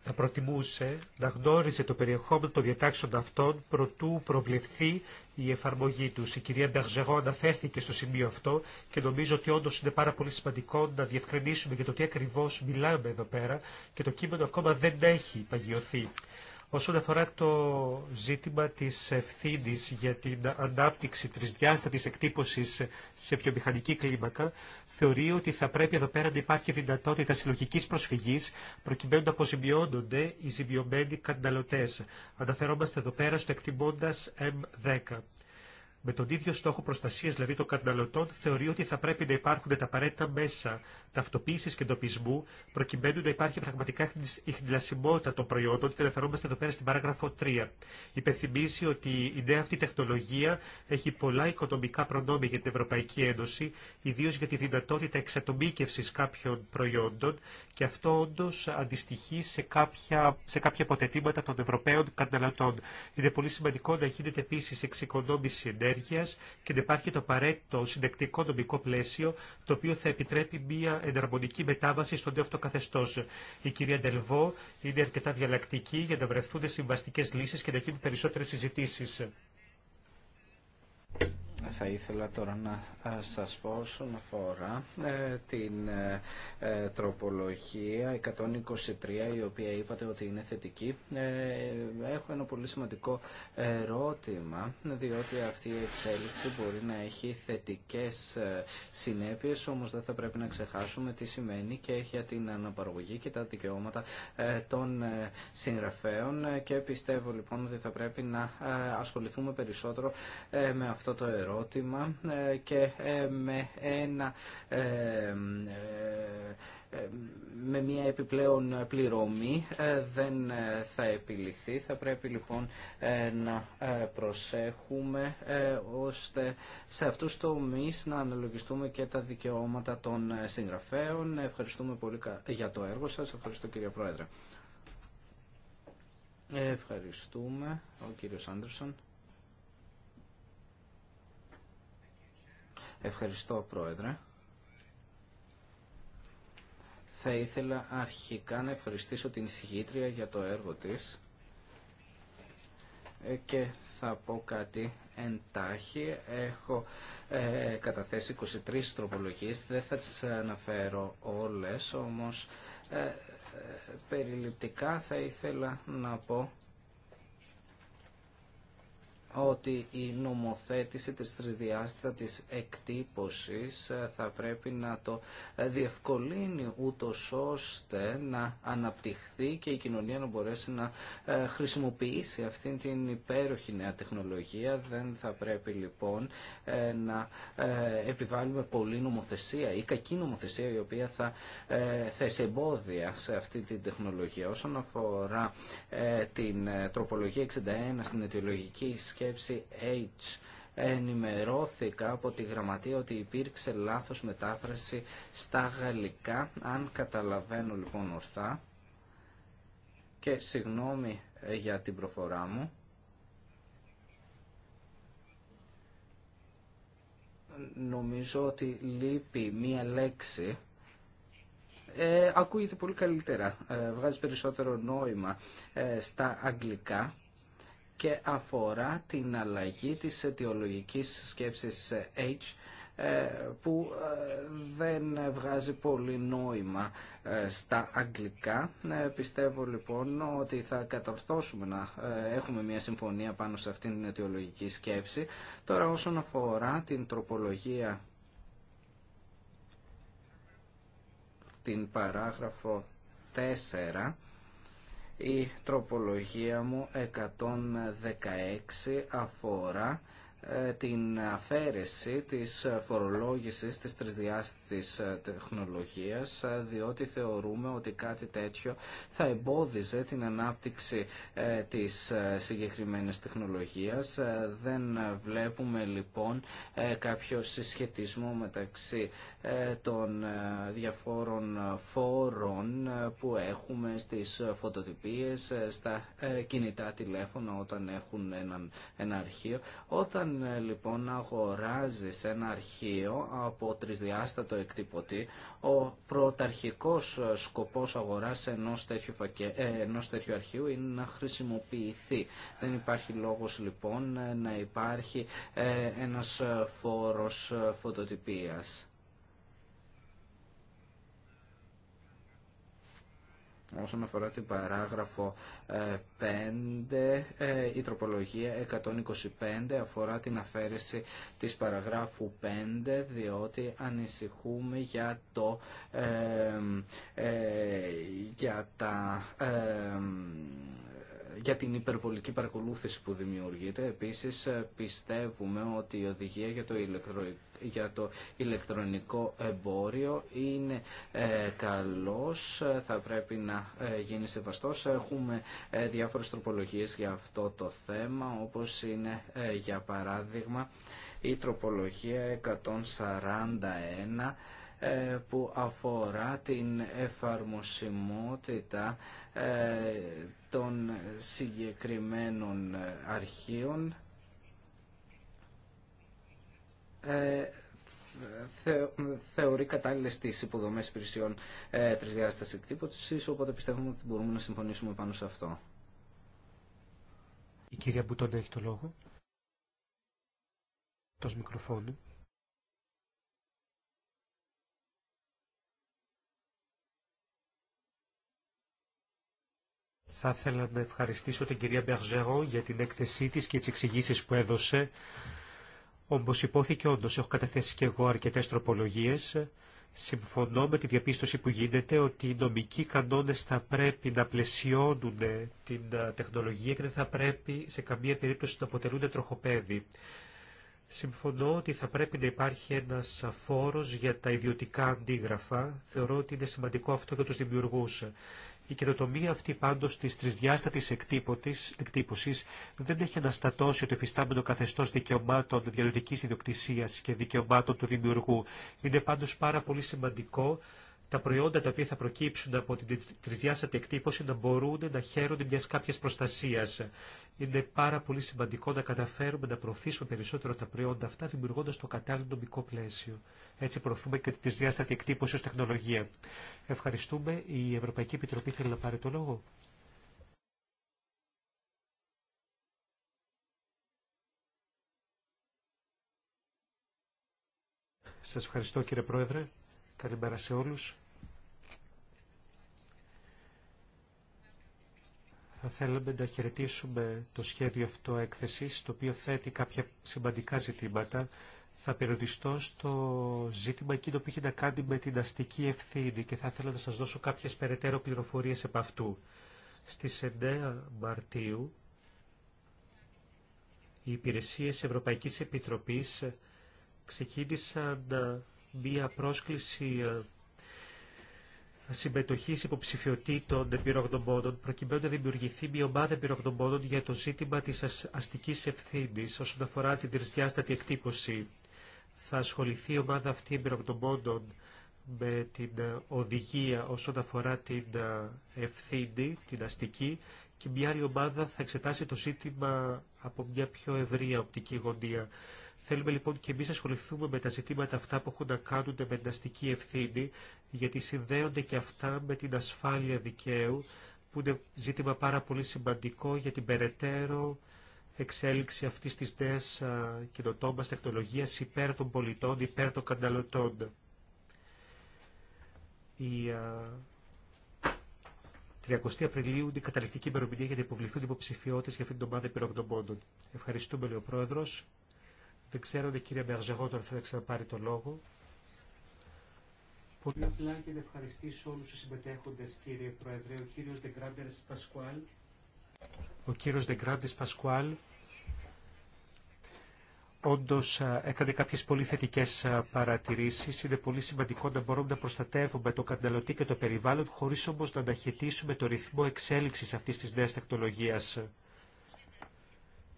B: θα προτιμούσε να γνώριζε το περιεχόμενο των διατάξεων αυτών προτού προβλεφθεί η εφαρμογή του. Η κυρία Μπερζερό αναφέρθηκε στο σημείο αυτό και νομίζω ότι όντω είναι πάρα πολύ σημαντικό να διευκρινίσουμε για το τι ακριβώ μιλάμε εδώ πέρα και το κείμενο ακόμα δεν έχει παγιωθεί. Όσον αφορά το ζήτημα της ευθύνη για την ανάπτυξη τρισδιάστατης εκτύπωσης σε βιομηχανική κλίμακα, θεωρεί ότι θα πρέπει εδώ πέρα να υπάρχει δυνατότητα συλλογική προσφυγής, προκειμένου να αποζημιώνονται οι ζημιωμένοι καταναλωτές. Αναφερόμαστε εδώ πέρα στο εκτιμώντας M10 με τον ίδιο στόχο προστασία, δηλαδή των καταναλωτών, θεωρεί ότι θα πρέπει να υπάρχουν τα απαραίτητα μέσα ταυτοποίηση και εντοπισμού, προκειμένου να υπάρχει πραγματικά η χτυλασιμότητα των προϊόντων και αναφερόμαστε εδώ πέρα στην παράγραφο 3. Υπενθυμίζει ότι η νέα αυτή τεχνολογία έχει πολλά οικονομικά προνόμια για την Ευρωπαϊκή Ένωση, ιδίω για τη δυνατότητα εξατομίκευση κάποιων προϊόντων και αυτό όντω αντιστοιχεί σε κάποια, σε κάποια αποτετήματα των Ευρωπαίων καταναλωτών. Είναι πολύ σημαντικό να γίνεται επίση εξοικονόμηση ενέργεια και δεν υπάρχει το απαραίτητο συντεκτικό τοπικό πλαίσιο το οποίο θα επιτρέπει μια εναρμονική μετάβαση στον νέο αυτό Η κυρία Ντελβό είναι αρκετά διαλλακτική για να βρεθούν συμβαστικές λύσεις και να γίνουν περισσότερες συζητήσεις.
C: Θα ήθελα τώρα να σας πω όσον αφορά ε, την ε, ε, τροπολογία 123 η οποία είπατε ότι είναι θετική. Έχω ένα πολύ σημαντικό ερώτημα διότι αυτή η εξέλιξη μπορεί να έχει θετικές συνέπειες όμως δεν θα πρέπει να ξεχάσουμε τι σημαίνει και για την αναπαραγωγή και τα δικαιώματα των συγγραφέων και πιστεύω λοιπόν ότι θα πρέπει να ασχοληθούμε περισσότερο με αυτό το ερώτημα ερώτημα ε, και ε, με ένα ε, με μια επιπλέον πληρωμή δεν θα επιληθεί. Θα πρέπει λοιπόν να προσέχουμε ώστε σε αυτούς τομείς να αναλογιστούμε και τα δικαιώματα των συγγραφέων. Ευχαριστούμε πολύ για το έργο σας. Ευχαριστώ κύριε Πρόεδρε. Ευχαριστούμε ο κύριος Ευχαριστώ Πρόεδρε. Θα ήθελα αρχικά να ευχαριστήσω την συγγήτρια για το έργο της ε, και θα πω κάτι εντάχει. Έχω ε, καταθέσει 23 τροπολογίες, δεν θα τις αναφέρω όλες, όμως ε, ε περιληπτικά θα ήθελα να πω ότι η νομοθέτηση της τριδιάστατης εκτύπωσης ε, θα πρέπει να το ε, διευκολύνει ούτω ώστε να αναπτυχθεί και η κοινωνία να μπορέσει να ε, χρησιμοποιήσει αυτήν την υπέροχη νέα τεχνολογία. Δεν θα πρέπει λοιπόν να επιβάλλουμε πολλή νομοθεσία ή κακή νομοθεσία η οποία θα θέσει εμπόδια σε αυτή την τεχνολογία. Όσον αφορά την τροπολογία 61 στην αιτιολογική σκέψη, σκέψη H ενημερώθηκα από τη γραμματεία ότι υπήρξε λάθος μετάφραση στα γαλλικά, αν καταλαβαίνω λοιπόν ορθά και συγγνώμη ε, για την προφορά μου. Νομίζω ότι λείπει μία λέξη. Ε, ακούγεται πολύ καλύτερα, ε, βγάζει περισσότερο νόημα ε, στα αγγλικά και αφορά την αλλαγή της αιτιολογικής σκέψης H ε, που ε, δεν βγάζει πολύ νόημα ε, στα αγγλικά. Πιστεύω λοιπόν ότι θα καταρθώσουμε να έχουμε μια συμφωνία πάνω σε αυτήν την αιτιολογική σκέψη. Τώρα όσον αφορά την τροπολογία την παράγραφο 4 η τροπολογία μου 116 αφορά ε, την αφαίρεση της φορολόγησης της τρισδιάστητης ε, τεχνολογίας ε, διότι θεωρούμε ότι κάτι τέτοιο θα εμπόδιζε την ανάπτυξη της συγκεκριμένης τεχνολογίας. Δεν βλέπουμε λοιπόν κάποιο συσχετισμό μεταξύ των διαφόρων φόρων που έχουμε στις φωτοτυπίες, στα κινητά τηλέφωνα όταν έχουν ένα, ένα αρχείο. Όταν όταν ε, λοιπόν αγοράζεις ένα αρχείο από τρισδιάστατο εκτυπωτή, ο πρωταρχικός ε, σκοπός αγοράς ενός τέτοιου, ε, ενός τέτοιου αρχείου είναι να χρησιμοποιηθεί. Δεν υπάρχει λόγος λοιπόν να υπάρχει ένας φόρος φωτοτυπίας. Όσον αφορά την παράγραφο 5, ε, ε, η τροπολογία 125 αφορά την αφαίρεση της παραγράφου 5, διότι ανησυχούμε για, το, ε, για τα για την υπερβολική παρακολούθηση που δημιουργείται. Επίσης ε, πιστεύουμε ότι η οδηγία για το, το ηλεκτρονικό εμπόριο είναι ε, καλός, ε, θα πρέπει να ε, γίνει σεβαστός. Έχουμε ε, διάφορες τροπολογίες για αυτό το θέμα, όπως είναι για παράδειγμα η τροπολογία 141 ε, που αφορά την εφαρμοσιμότητα ε, των συγκεκριμένων αρχείων ε, θεωρεί κατάλληλε τι υποδομέ υπηρεσιών ε, τρισδιάσταση εκτύπωση, οπότε πιστεύουμε ότι μπορούμε να συμφωνήσουμε πάνω σε αυτό.
B: Η κυρία Μπουτόντα έχει το λόγο. Το μικροφόνου. Θα ήθελα να ευχαριστήσω την κυρία Μπερζέρο για την έκθεσή της και τις εξηγήσει που έδωσε. Όπως υπόθηκε όντω, έχω καταθέσει και εγώ αρκετές τροπολογίες. Συμφωνώ με τη διαπίστωση που γίνεται ότι οι νομικοί κανόνες θα πρέπει να πλαισιώνουν την ε, τεχνολογία και δεν θα πρέπει σε καμία περίπτωση να αποτελούν τροχοπέδι. Συμφωνώ ότι θα πρέπει να υπάρχει ένας φόρος για τα ιδιωτικά αντίγραφα. Θεωρώ ότι είναι σημαντικό αυτό για τους δημιουργούς. Η καινοτομία αυτή πάντω τη τρισδιάστατη εκτύπωση δεν έχει αναστατώσει το εφιστάμενο καθεστώ δικαιωμάτων διανοητικής ιδιοκτησία και δικαιωμάτων του δημιουργού. Είναι πάντως πάρα πολύ σημαντικό τα προϊόντα τα οποία θα προκύψουν από την τρισδιάστατη εκτύπωση να μπορούν να χαίρονται μια κάποια προστασία. Είναι πάρα πολύ σημαντικό να καταφέρουμε να προωθήσουμε περισσότερο τα προϊόντα αυτά, δημιουργώντα το κατάλληλο νομικό πλαίσιο. Έτσι προωθούμε και τη τρισδιάστατη εκτύπωση ω τεχνολογία. Ευχαριστούμε. Η Ευρωπαϊκή Επιτροπή θέλει να πάρει το λόγο. Σας ευχαριστώ κύριε Πρόεδρε. Καλημέρα σε όλους. Θα θέλαμε να χαιρετήσουμε το σχέδιο αυτό έκθεσης, το οποίο θέτει κάποια σημαντικά ζητήματα. Θα περιοριστώ στο ζήτημα εκείνο που έχει να κάνει με την αστική ευθύνη και θα ήθελα να σας δώσω κάποιες περαιτέρω πληροφορίες επ' αυτού. Στις 9 Μαρτίου, οι υπηρεσίες Ευρωπαϊκής Επιτροπής ξεκίνησαν μία πρόσκληση ε, συμμετοχή υποψηφιωτήτων εμπειρογνωμόνων, προκειμένου να δημιουργηθεί μια ομάδα εμπειρογνωμόνων για το ζήτημα τη αστική ευθύνη όσον αφορά την τρισδιάστατη εκτύπωση. Θα ασχοληθεί η ομάδα αυτή εμπειρογνωμόνων με την οδηγία όσον αφορά την ε, ευθύνη, την αστική, και μια άλλη ομάδα θα εξετάσει το ζήτημα από μια πιο ευρία οπτική γωνία. Θέλουμε λοιπόν και εμεί να ασχοληθούμε με τα ζητήματα αυτά που έχουν να κάνουν με την αστική ευθύνη, γιατί συνδέονται και αυτά με την ασφάλεια δικαίου, που είναι ζήτημα πάρα πολύ σημαντικό για την περαιτέρω εξέλιξη αυτή τη νέα καινοτόμα τεχνολογία υπέρ των πολιτών, υπέρ των καταναλωτών. Η 30 Απριλίου είναι η καταληκτική ημερομηνία για να υποβληθούν υποψηφιότητε για αυτήν την ομάδα πυρογνωμόνων. Ευχαριστούμε, λέει ο Πρόεδρο. Δεν ξέρω αν η κυρία τώρα θα ξαναπάρει το λόγο. Πολύ απλά και να ευχαριστήσω όλους τους συμμετέχοντες, κύριε Πρόεδρε, ο κύριος Δεγκράντερ Πασκουάλ. Ο κύριος Δεγκράντερ Πασκουάλ όντω έκανε κάποιε πολύ θετικέ παρατηρήσει. Είναι πολύ σημαντικό να μπορούμε να προστατεύουμε το καταναλωτή και το περιβάλλον, χωρί όμω να αναχαιτήσουμε το ρυθμό εξέλιξη αυτή τη νέα τεχνολογία.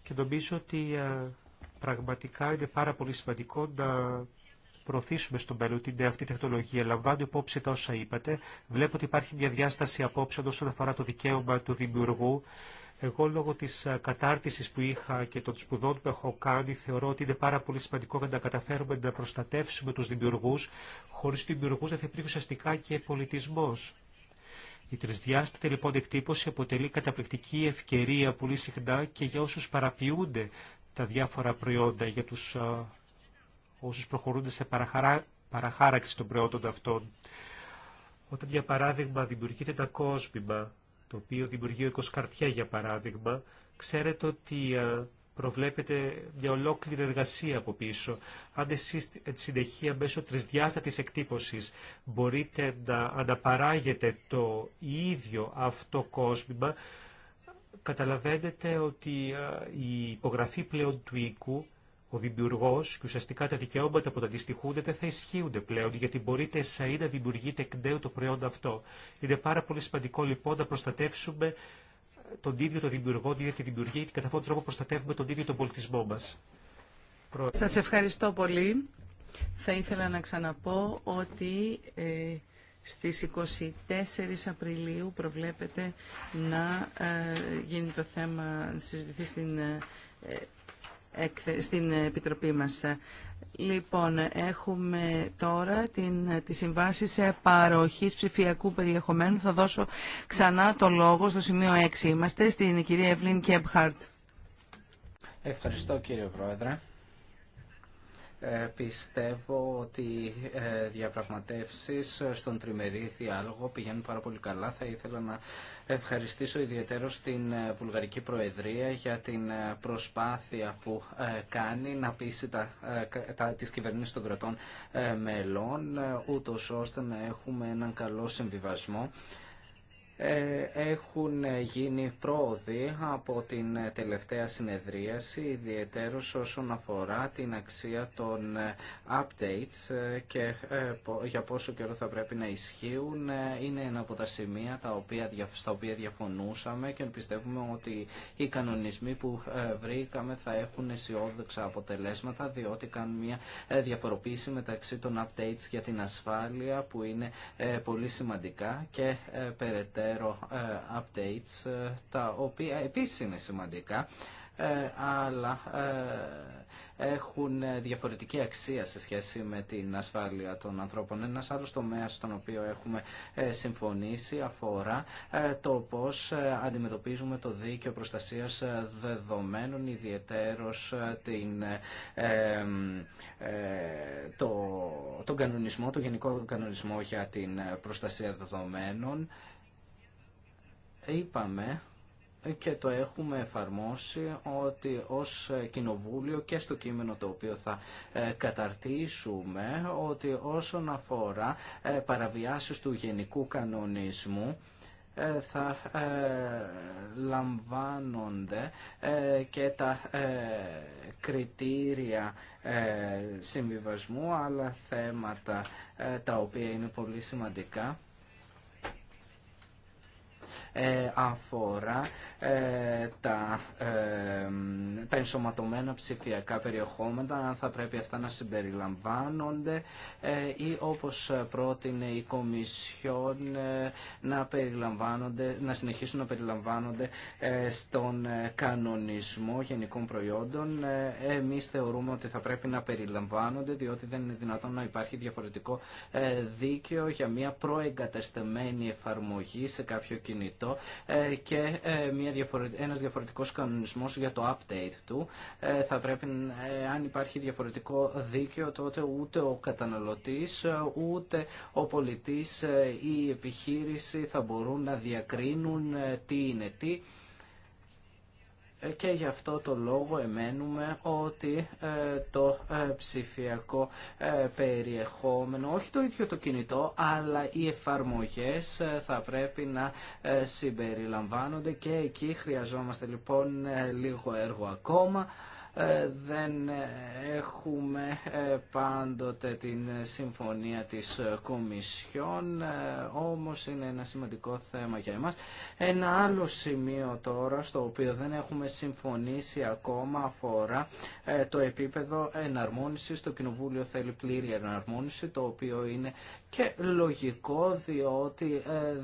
B: Και νομίζω ότι πραγματικά είναι πάρα πολύ σημαντικό να προωθήσουμε στον νέα αυτή τεχνολογία. Λαμβάνω υπόψη τα όσα είπατε. Βλέπω ότι υπάρχει μια διάσταση απόψε όσον αφορά το δικαίωμα του δημιουργού. Εγώ λόγω τη ε, κατάρτιση που είχα και των σπουδών που έχω κάνει θεωρώ ότι είναι πάρα πολύ σημαντικό να καταφέρουμε να προστατεύσουμε του δημιουργού χωρί του δημιουργού δεν θα υπήρχε ουσιαστικά και πολιτισμό. Η τρισδιάστατη λοιπόν εκτύπωση αποτελεί καταπληκτική ευκαιρία πολύ συχνά και για όσου παραποιούνται τα διάφορα προϊόντα για τους α, όσους προχωρούνται σε παραχαρά, παραχάραξη των προϊόντων αυτών. Όταν για παράδειγμα δημιουργείται τα κόσμημα, το οποίο δημιουργεί ο οικοσκαρτιά για παράδειγμα, ξέρετε ότι προβλέπετε μια ολόκληρη εργασία από πίσω. Αν εσείς συνεχεία μέσω τρισδιάστατης εκτύπωσης μπορείτε να αναπαράγετε το ίδιο αυτό κόσμημα καταλαβαίνετε ότι η υπογραφή πλέον του οίκου, ο Δημιουργό, και ουσιαστικά τα δικαιώματα που τα αντιστοιχούνται δεν θα ισχύονται πλέον, γιατί μπορείτε εσά να δημιουργείτε εκ νέου το προϊόν αυτό. Είναι πάρα πολύ σημαντικό λοιπόν να προστατεύσουμε τον ίδιο τον δημιουργό, την ίδια τη δημιουργία, γιατί κατά αυτόν τον τρόπο προστατεύουμε τον ίδιο τον πολιτισμό μα. Σα
A: ευχαριστώ πολύ. Θα ήθελα να ξαναπώ ότι... Ε, στις 24 Απριλίου προβλέπεται να ε, γίνει το θέμα, να συζητηθεί στην ε, στην Επιτροπή μας. Λοιπόν, έχουμε τώρα την, τη συμβάση σε παροχή ψηφιακού περιεχομένου. Θα δώσω ξανά το λόγο στο σημείο 6. Είμαστε στην κυρία Ευλίν Κέμπχαρτ.
C: Ευχαριστώ κύριε Πρόεδρε. Ε, πιστεύω ότι ε, διαπραγματεύσεις στον τριμερή διάλογο πηγαίνουν πάρα πολύ καλά. Θα ήθελα να ευχαριστήσω ιδιαίτερο στην ε, Βουλγαρική Προεδρία για την ε, προσπάθεια που κάνει να πείσει τα, τα, τις κυβερνήσεις των κρατών μελών, ούτως ώστε να έχουμε έναν καλό συμβιβασμό. Ε, έχουν γίνει πρόοδοι από την τελευταία συνεδρίαση, ιδιαίτερως όσον αφορά την αξία των updates και ε, για πόσο καιρό θα πρέπει να ισχύουν. Ε, είναι ένα από τα σημεία οποία, στα οποία διαφωνούσαμε και πιστεύουμε ότι οι κανονισμοί που βρήκαμε θα έχουν αισιόδοξα αποτελέσματα, διότι κάνουν μια διαφοροποίηση μεταξύ των updates για την ασφάλεια που είναι πολύ σημαντικά και περαιτέρω περαιτέρω ε, updates, ε, τα οποία επίσης είναι σημαντικά, ε, αλλά έχουν διαφορετική αξία σε σχέση με την ασφάλεια των ανθρώπων. Ένας άλλος τομέας στον οποίο έχουμε συμφωνήσει αφορά το πώς αντιμετωπίζουμε το δίκαιο προστασίας δεδομένων, ιδιαιτέρως την, το, τον κανονισμό, το γενικό κανονισμό για την προστασία δεδομένων είπαμε και το έχουμε εφαρμόσει ότι ως κοινοβούλιο και στο κείμενο το οποίο θα ε, καταρτήσουμε ότι όσον αφορά ε, παραβιάσεις του γενικού κανονισμού ε, θα λαμβάνονται και τα κριτήρια συμβιβασμού αλλά θέματα τα οποία είναι πολύ σημαντικά ε, αφορά ε, τα, ε, τα ενσωματωμένα ψηφιακά περιεχόμενα, αν θα πρέπει αυτά να συμπεριλαμβάνονται ή όπως πρότεινε η Κομισιόν να, συνεχίσουν να περιλαμβάνονται στον κανονισμό γενικών προϊόντων. Εμείς θεωρούμε ότι θα πρέπει να περιλαμβάνονται διότι δεν είναι δυνατόν να υπάρχει διαφορετικό δίκαιο για μια προεγκατεστημένη εφαρμογή σε κάποιο κινητό ε, και ε, μια ένας διαφορετικός κανονισμός για το update του. Ε, θα πρέπει, αν υπάρχει διαφορετικό δίκαιο, τότε ούτε ο καταναλωτής, ούτε ο πολιτής ή η επιχείρηση θα μπορούν να διακρίνουν τι είναι τι και γι' αυτό το λόγο εμένουμε ότι ε, το ε, ψηφιακό ε, περιεχόμενο, όχι το ίδιο το κινητό, αλλά οι εφαρμογές θα πρέπει να συμπεριλαμβάνονται και εκεί χρειαζόμαστε λοιπόν λίγο έργο ακόμα. Ε, δεν έχουμε ε, πάντοτε την συμφωνία της Κομισιόν, ε, όμως είναι ένα σημαντικό θέμα για εμάς. Ένα άλλο σημείο τώρα, στο οποίο δεν έχουμε συμφωνήσει ακόμα, αφορά το επίπεδο εναρμόνισης. Το Κοινοβούλιο θέλει πλήρη εναρμόνιση, το οποίο είναι και λογικό διότι ε,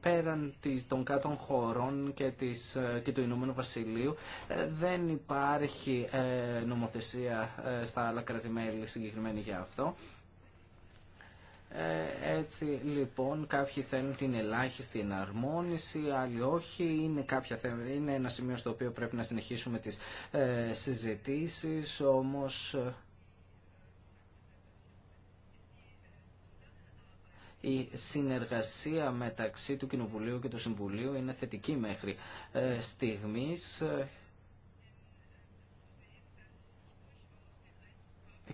C: πέραν των κάτω χωρών και, της, ε, και του Ηνωμένου Βασιλείου ε, δεν υπάρχει νομοθεσία στα άλλα κράτη-μέλη συγκεκριμένη για αυτό. Έτσι λοιπόν κάποιοι θέλουν την ελάχιστη εναρμόνιση, άλλοι όχι. Είναι, κάποια, είναι ένα σημείο στο οποίο πρέπει να συνεχίσουμε τις συζητήσεις, όμως... η συνεργασία μεταξύ του Κοινοβουλίου και του Συμβουλίου είναι θετική μέχρι ε, στιγμής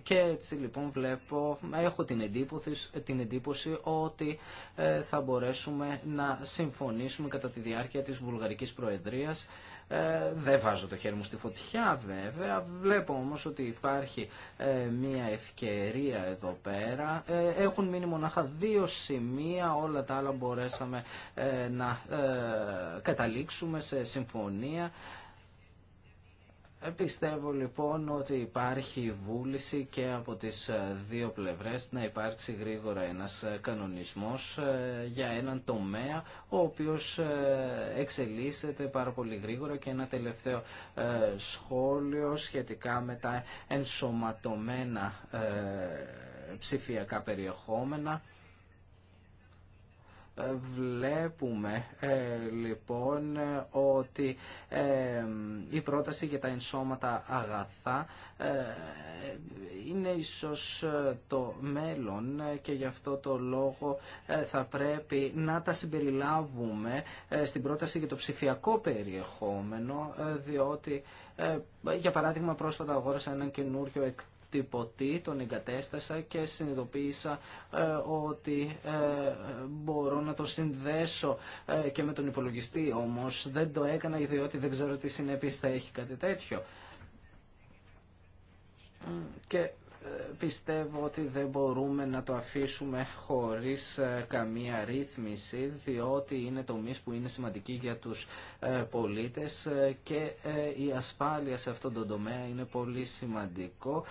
C: Και έτσι λοιπόν βλέπω, έχω την εντύπωση, την ότι ε, θα μπορέσουμε να συμφωνήσουμε κατά τη διάρκεια της Βουλγαρικής Προεδρίας ε, δεν βάζω το χέρι μου στη φωτιά βέβαια, βλέπω όμως ότι υπάρχει ε, μια ευκαιρία εδώ πέρα. Ε, έχουν μείνει μονάχα δύο σημεία, όλα τα άλλα μπορέσαμε να καταλήξουμε σε συμφωνία. Ε, πιστεύω λοιπόν ότι υπάρχει βούληση και από τις ε, δύο πλευρές να υπάρξει γρήγορα ένας ε, κανονισμός για έναν τομέα ο οποίος εξελίσσεται πάρα πολύ γρήγορα και ένα τελευταίο σχόλιο σχετικά με τα ενσωματωμένα ψηφιακά περιεχόμενα. Βλέπουμε ε, λοιπόν ότι ε, η πρόταση για τα ενσώματα αγαθά ε, είναι ίσως το μέλλον και γι' αυτό το λόγο θα πρέπει να τα συμπεριλάβουμε στην πρόταση για το ψηφιακό περιεχόμενο διότι για παράδειγμα πρόσφατα αγόρασα έναν καινούριο ποτή τον εγκατέστασα και συνειδητοποίησα ε, ότι ε, μπορώ να το συνδέσω ε, και με τον υπολογιστή όμως δεν το έκανα διότι δεν ξέρω τι συνέπειες θα έχει κάτι τέτοιο. Και πιστεύω ότι δεν μπορούμε να το αφήσουμε χωρίς καμία ρύθμιση διότι είναι τομείς που είναι σημαντική για τους πολίτες και η ασφάλεια σε αυτόν τον τομέα είναι πολύ σημαντικό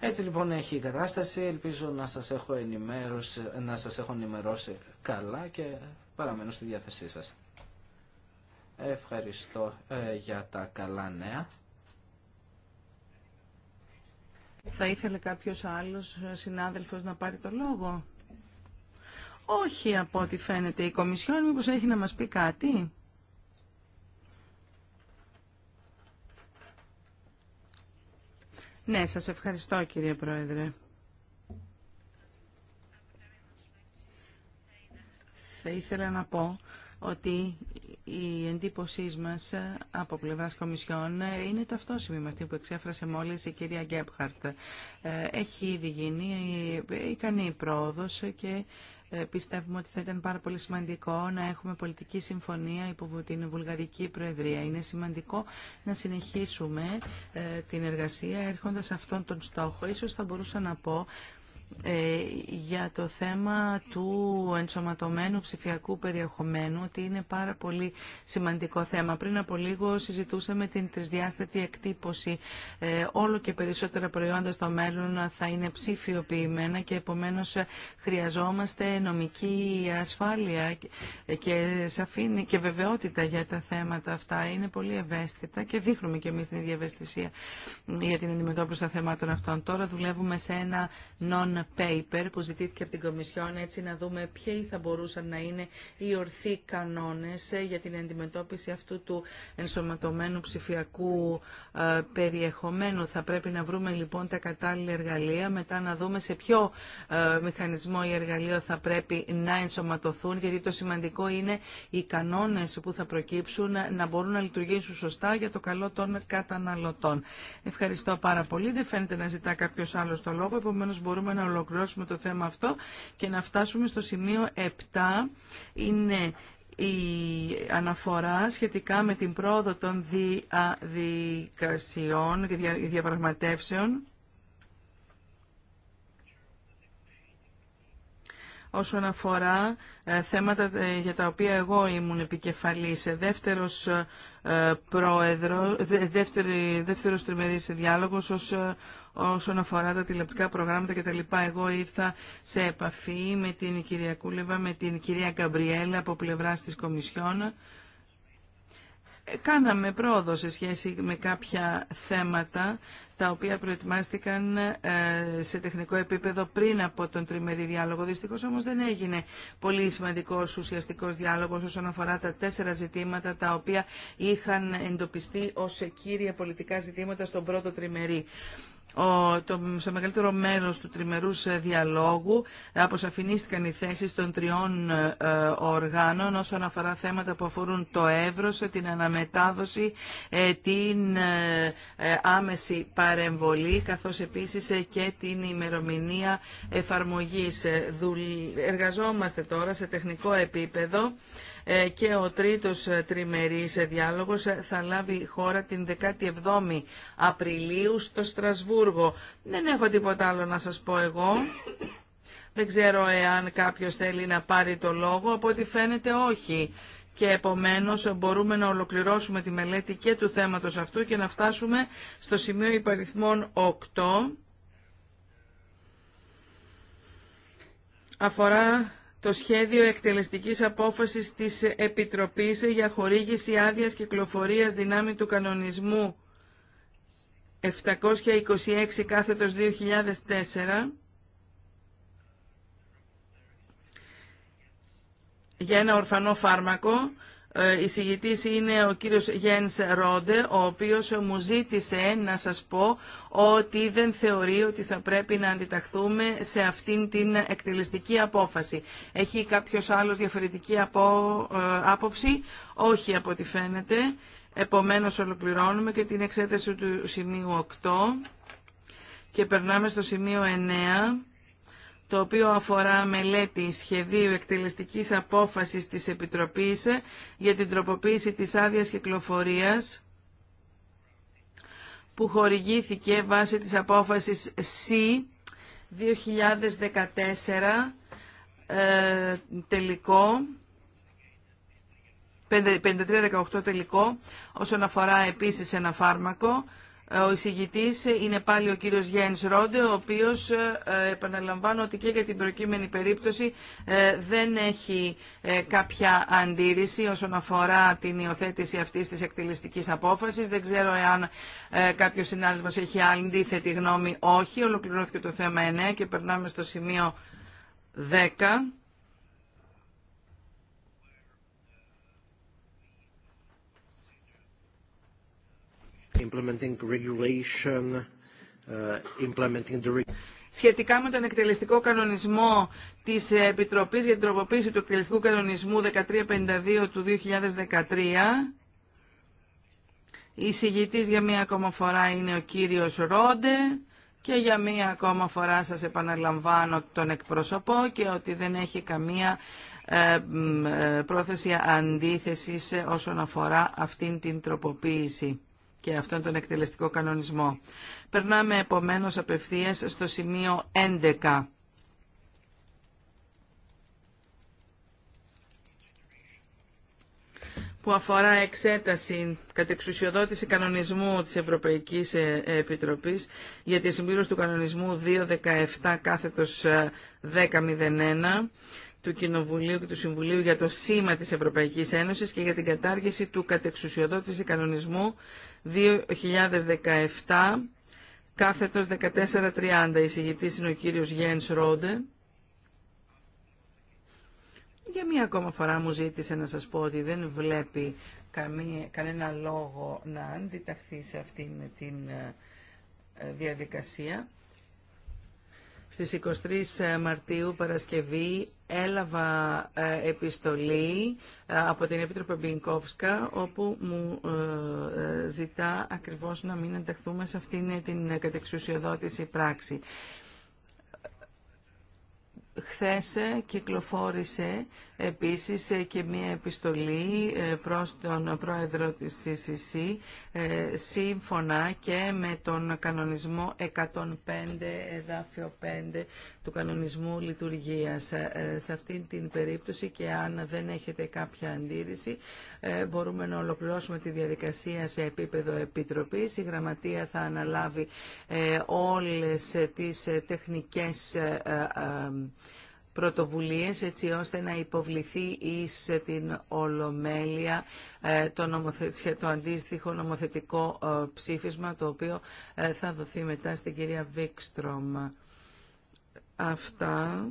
C: έτσι λοιπόν έχει η κατάσταση. Ελπίζω να σας έχω, να σας έχω ενημερώσει καλά και παραμένω στη διάθεσή σας. Ευχαριστώ ε, για τα καλά νέα.
A: Θα ήθελε κάποιος άλλος συνάδελφος να πάρει το λόγο. Όχι από ό,τι φαίνεται η Κομισιόν, μήπως έχει να μας πει κάτι. Ναι, σας ευχαριστώ κύριε Πρόεδρε. Θα ήθελα να πω ότι η εντύπωσή μας από πλευράς Κομισιόν είναι ταυτόσιμη με αυτή που εξέφρασε μόλις η κυρία Γκέπχαρτ. Ε, έχει ήδη γίνει ικανή πρόοδος και ε, πιστεύουμε ότι θα ήταν πάρα πολύ σημαντικό να έχουμε πολιτική συμφωνία υπό την Βουλγαρική Προεδρία. Είναι σημαντικό να συνεχίσουμε ε, την εργασία έρχοντας αυτόν τον στόχο. Ίσως θα μπορούσα να πω ε, για το θέμα του ενσωματωμένου ψηφιακού περιεχομένου ότι είναι πάρα πολύ σημαντικό θέμα. Πριν από λίγο συζητούσαμε την τρισδιάστατη εκτύπωση. Ε, όλο και περισσότερα προϊόντα στο μέλλον θα είναι ψηφιοποιημένα και επομένως χρειαζόμαστε νομική ασφάλεια και, σαφήνη, και βεβαιότητα για τα θέματα αυτά. Είναι πολύ ευαίσθητα και δείχνουμε και εμείς την ίδια ευαισθησία για την αντιμετώπιση των θεμάτων αυτών. Τώρα δουλεύουμε σε ένα paper που ζητήθηκε από την Κομισιόν έτσι να δούμε ποιοι θα μπορούσαν να είναι οι ορθοί κανόνες ε, για την αντιμετώπιση αυτού του ενσωματωμένου ψηφιακού ε, περιεχομένου. Θα πρέπει να βρούμε λοιπόν τα κατάλληλα εργαλεία, μετά να δούμε σε ποιο ε, μηχανισμό ή εργαλείο θα πρέπει να ενσωματωθούν, γιατί το σημαντικό είναι οι κανόνες που θα προκύψουν να μπορούν να λειτουργήσουν σωστά για το καλό των καταναλωτών. Ευχαριστώ πάρα πολύ. Δεν φαίνεται να ζητά κάποιο άλλο το λόγο, Επομένω μπορούμε να ολοκληρώσουμε το θέμα αυτό και να φτάσουμε στο σημείο 7. Είναι η αναφορά σχετικά με την πρόοδο των διαδικασιών και διαπραγματεύσεων όσον αφορά ε, θέματα ε, για τα οποία εγώ ήμουν επικεφαλής. Ε, δεύτερος πρόεδρο, δεύτερη, δεύτερος τριμερής διάλογος ως όσον αφορά τα τηλεοπτικά προγράμματα κτλ. Εγώ ήρθα σε επαφή με την κυρία Κούλεβα, με την κυρία Γκαμπριέλα από πλευρά τη Κομισιόν. Ε, κάναμε πρόοδο σε σχέση με κάποια θέματα τα οποία προετοιμάστηκαν ε, σε τεχνικό επίπεδο πριν από τον τριμερή διάλογο. Δυστυχώς όμως δεν έγινε πολύ σημαντικός ουσιαστικός διάλογος όσον αφορά τα τέσσερα ζητήματα τα οποία είχαν εντοπιστεί ως κύρια πολιτικά ζητήματα στον πρώτο τριμερή στο μεγαλύτερο μέρος του τριμερούς ε, διαλόγου αποσαφηνίστηκαν οι θέσεις των τριών ε, ε, οργάνων όσον αφορά θέματα που αφορούν το εύρος, την αναμετάδοση, την άμεση παρεμβολή καθώς επίσης και την ημερομηνία εφαρμογής. Εργαζόμαστε τώρα σε τεχνικό επίπεδο ε, και ο τρίτος ε, τριμερής ε, διάλογος θα λάβει χώρα την 17η Απριλίου στο Στρασβούργο. Δεν έχω τίποτα άλλο να σας πω εγώ. Δεν ξέρω εάν κάποιος θέλει να πάρει το λόγο, από ό,τι φαίνεται όχι. Και επομένως μπορούμε να ολοκληρώσουμε τη μελέτη και του θέματος αυτού και να φτάσουμε στο σημείο υπαριθμών 8. Αφορά το σχέδιο εκτελεστικής απόφασης της Επιτροπής για χορήγηση άδειας κυκλοφορίας δυνάμει του κανονισμού 726 κάθετος 2004 για ένα ορφανό φάρμακο η ε, εισηγητής είναι ο κύριος Γιένς Ρόντε, ο οποίος μου ζήτησε να σας πω ότι δεν θεωρεί ότι θα πρέπει να αντιταχθούμε σε αυτήν την εκτελεστική απόφαση. Έχει κάποιος άλλος διαφορετική απο... Ε, άποψη? Όχι από ό,τι φαίνεται. Επομένως ολοκληρώνουμε και την εξέταση του σημείου 8 και περνάμε στο σημείο 9 το οποίο αφορά μελέτη σχεδίου εκτελεστικής απόφασης της Επιτροπής για την τροποποίηση της άδειας κυκλοφορίας που χορηγήθηκε βάσει της απόφασης C 2014 ε, τελικό 5318 τελικό όσον αφορά επίσης ένα φάρμακο ε, ο εισηγητή είναι πάλι ο κύριος Γιάννης Ρόντε, ο οποίος ε, επαναλαμβάνω ότι και για την προκείμενη περίπτωση ε, δεν έχει κάποια αντίρρηση όσον αφορά την υιοθέτηση αυτή της εκτελεστικής απόφασης. Δεν ξέρω εάν κάποιος συνάδελφος έχει άλλη αντίθετη γνώμη. Όχι, ολοκληρώθηκε το θέμα 9 και περνάμε στο σημείο 10. Uh, Σχετικά με τον εκτελεστικό κανονισμό της Επιτροπής για την τροποποίηση του εκτελεστικού κανονισμού 1352 του 2013, η συγητής για μία ακόμα φορά είναι ο κύριος Ρόντε και για μία ακόμα φορά σας επαναλαμβάνω τον εκπρόσωπο και ότι δεν έχει καμία ε, ε, πρόθεση αντίθεσης όσον αφορά αυτήν την τροποποίηση και αυτόν τον εκτελεστικό κανονισμό. Περνάμε επομένως απευθείας στο σημείο 11. που αφορά εξέταση κατεξουσιοδότηση κανονισμού της Ευρωπαϊκής ε, Επιτροπής για τη συμπλήρωση του κανονισμού 217 κάθετος 1001 ε, του Κοινοβουλίου και του Συμβουλίου για το σήμα της Ευρωπαϊκής Ένωσης και για την κατάργηση του κατεξουσιοδότηση κανονισμού 2017 κάθετος 1430. Εισηγητής είναι ο κύριος Γιένς Ρόντε. Για μία ακόμα φορά μου ζήτησε να σας πω ότι δεν βλέπει καμία, κανένα λόγο να αντιταχθεί σε αυτήν την ε, διαδικασία. Στις 23 ε, Μαρτίου Παρασκευή έλαβα ε, επιστολή ε, από την Επίτροπο Μπινκόφσκα όπου μου ζητά ακριβώς να μην ενταχθούμε σε αυτήν την κατεξουσιοδότηση πράξη. Χθες κυκλοφόρησε επίσης και μία επιστολή ε, προς τον πρόεδρο της CCC ε, σύμφωνα και με τον κανονισμό 105 εδάφιο 5 του κανονισμού λειτουργίας. Ε, σε αυτήν την περίπτωση και αν δεν έχετε κάποια αντίρρηση ε, μπορούμε να ολοκληρώσουμε τη διαδικασία σε επίπεδο επιτροπής. Η Γραμματεία θα αναλάβει ε, όλες τις τεχνικές πρωτοβουλίες έτσι ώστε να υποβληθεί εις την Ολομέλεια το, το αντίστοιχο νομοθετικό ψήφισμα το οποίο θα δοθεί μετά στην κυρία Βίκστρομ αυτά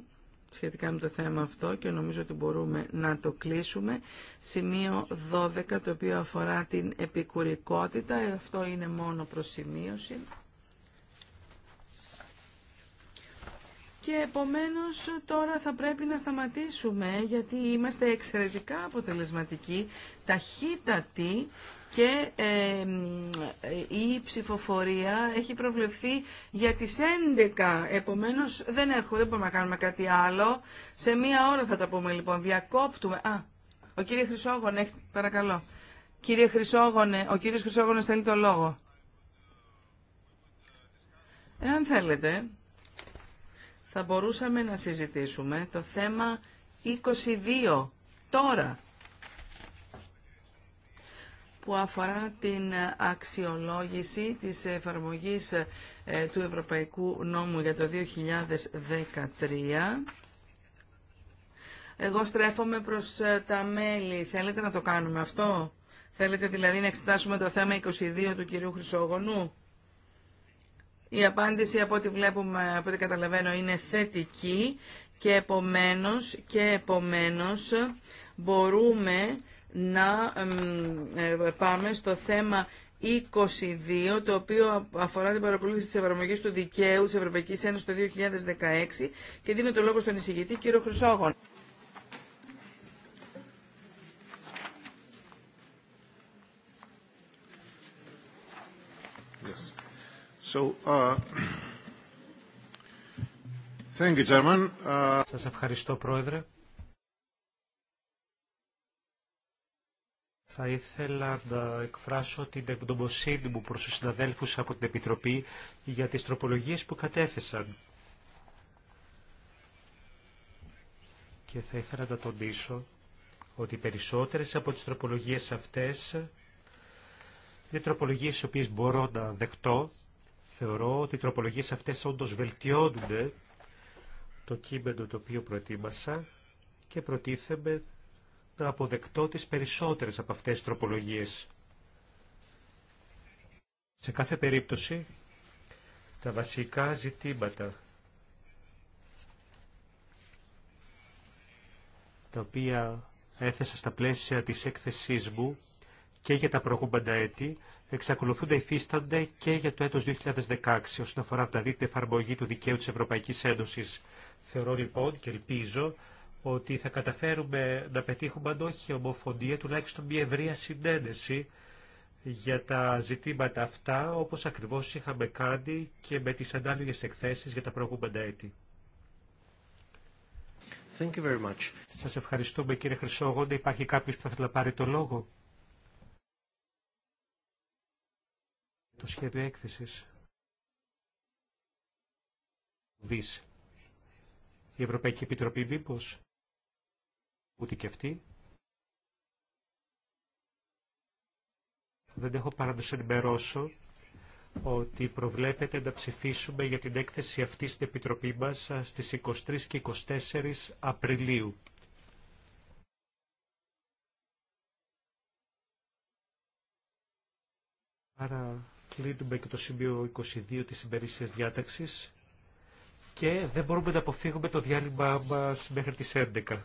A: σχετικά με το θέμα αυτό και νομίζω ότι μπορούμε να το κλείσουμε. Σημείο 12 το οποίο αφορά την επικουρικότητα, αυτό είναι μόνο προσημείωση. Και επομένως τώρα θα πρέπει να σταματήσουμε γιατί είμαστε εξαιρετικά αποτελεσματικοί, ταχύτατοι και η ψηφοφορία έχει προβλεφθεί για τις 11. Επομένως δεν, έχουμε, δεν μπορούμε να κάνουμε κάτι άλλο. Σε μία ώρα θα τα πούμε λοιπόν. Διακόπτουμε. Α, ο κύριε Χρυσόγονε, παρακαλώ. Κύριε Χρυσόγωνε, ο κύριος Χρυσόγωνε θέλει το λόγο. Εάν θέλετε, θα μπορούσαμε να συζητήσουμε το θέμα 22 τώρα που αφορά την αξιολόγηση της εφαρμογής ε, του Ευρωπαϊκού Νόμου για το 2013. Εγώ στρέφομαι προς ε, τα μέλη. Θέλετε να το κάνουμε αυτό? Θέλετε δηλαδή να εξετάσουμε το θέμα 22 του κυρίου Χρυσόγονου. Η απάντηση από ό,τι βλέπουμε, από ό,τι καταλαβαίνω, είναι θετική και επομένως, και επομένως μπορούμε να ε, πάμε στο θέμα 22, το οποίο αφορά την παρακολούθηση της εφαρμογής του δικαίου της Ευρωπαϊκής Ένωσης το 2016 και δίνω το λόγο στον εισηγητή κύριο Χρυσόγων.
C: So, uh...
B: Thank you, uh, Σας ευχαριστώ, Πρόεδρε. Θα ήθελα να εκφράσω την εκδομοσύνη μου προς τους συναδέλφους από την Επιτροπή για τις τροπολογίες που κατέθεσαν. Και θα ήθελα να τονίσω ότι περισσότερες από τις τροπολογίες αυτές είναι τροπολογίες οι οποίες μπορώ να δεχτώ. Θεωρώ ότι οι τροπολογίες αυτές όντως βελτιώνουν το κείμενο το οποίο προετοίμασα και προτίθεμαι αποδεκτώ τις περισσότερες από αυτές τις τροπολογίες. Σε κάθε περίπτωση, τα βασικά ζητήματα τα οποία έθεσα στα πλαίσια της έκθεσής μου και για τα προηγούμενα έτη, εξακολουθούν να υφίστανται και για το έτος 2016, όσον αφορά τα την εφαρμογή του δικαίου της Ευρωπαϊκής Ένωσης. Θεωρώ λοιπόν και ελπίζω ότι θα καταφέρουμε να πετύχουμε αν όχι ομοφωνία, τουλάχιστον μια ευρεία συνένεση για τα ζητήματα αυτά, όπως ακριβώς είχαμε κάνει και με τις ανάλογες εκθέσεις για τα προηγούμενα έτη. Thank you very much. Σας ευχαριστούμε κύριε Χρυσόγοντα. Υπάρχει κάποιος που θα θέλει να πάρει το λόγο. Το σχέδιο έκθεσης. Η Ευρωπαϊκή Επιτροπή μήπως ούτε και αυτή. Δεν έχω παρά να σας ενημερώσω ότι προβλέπεται να ψηφίσουμε για την έκθεση αυτή στην Επιτροπή μας στις 23 και 24 Απριλίου. Άρα κλείνουμε και το σημείο 22 της ημερήσιας διάταξης και δεν μπορούμε να αποφύγουμε το διάλειμμα μας μέχρι τις 11.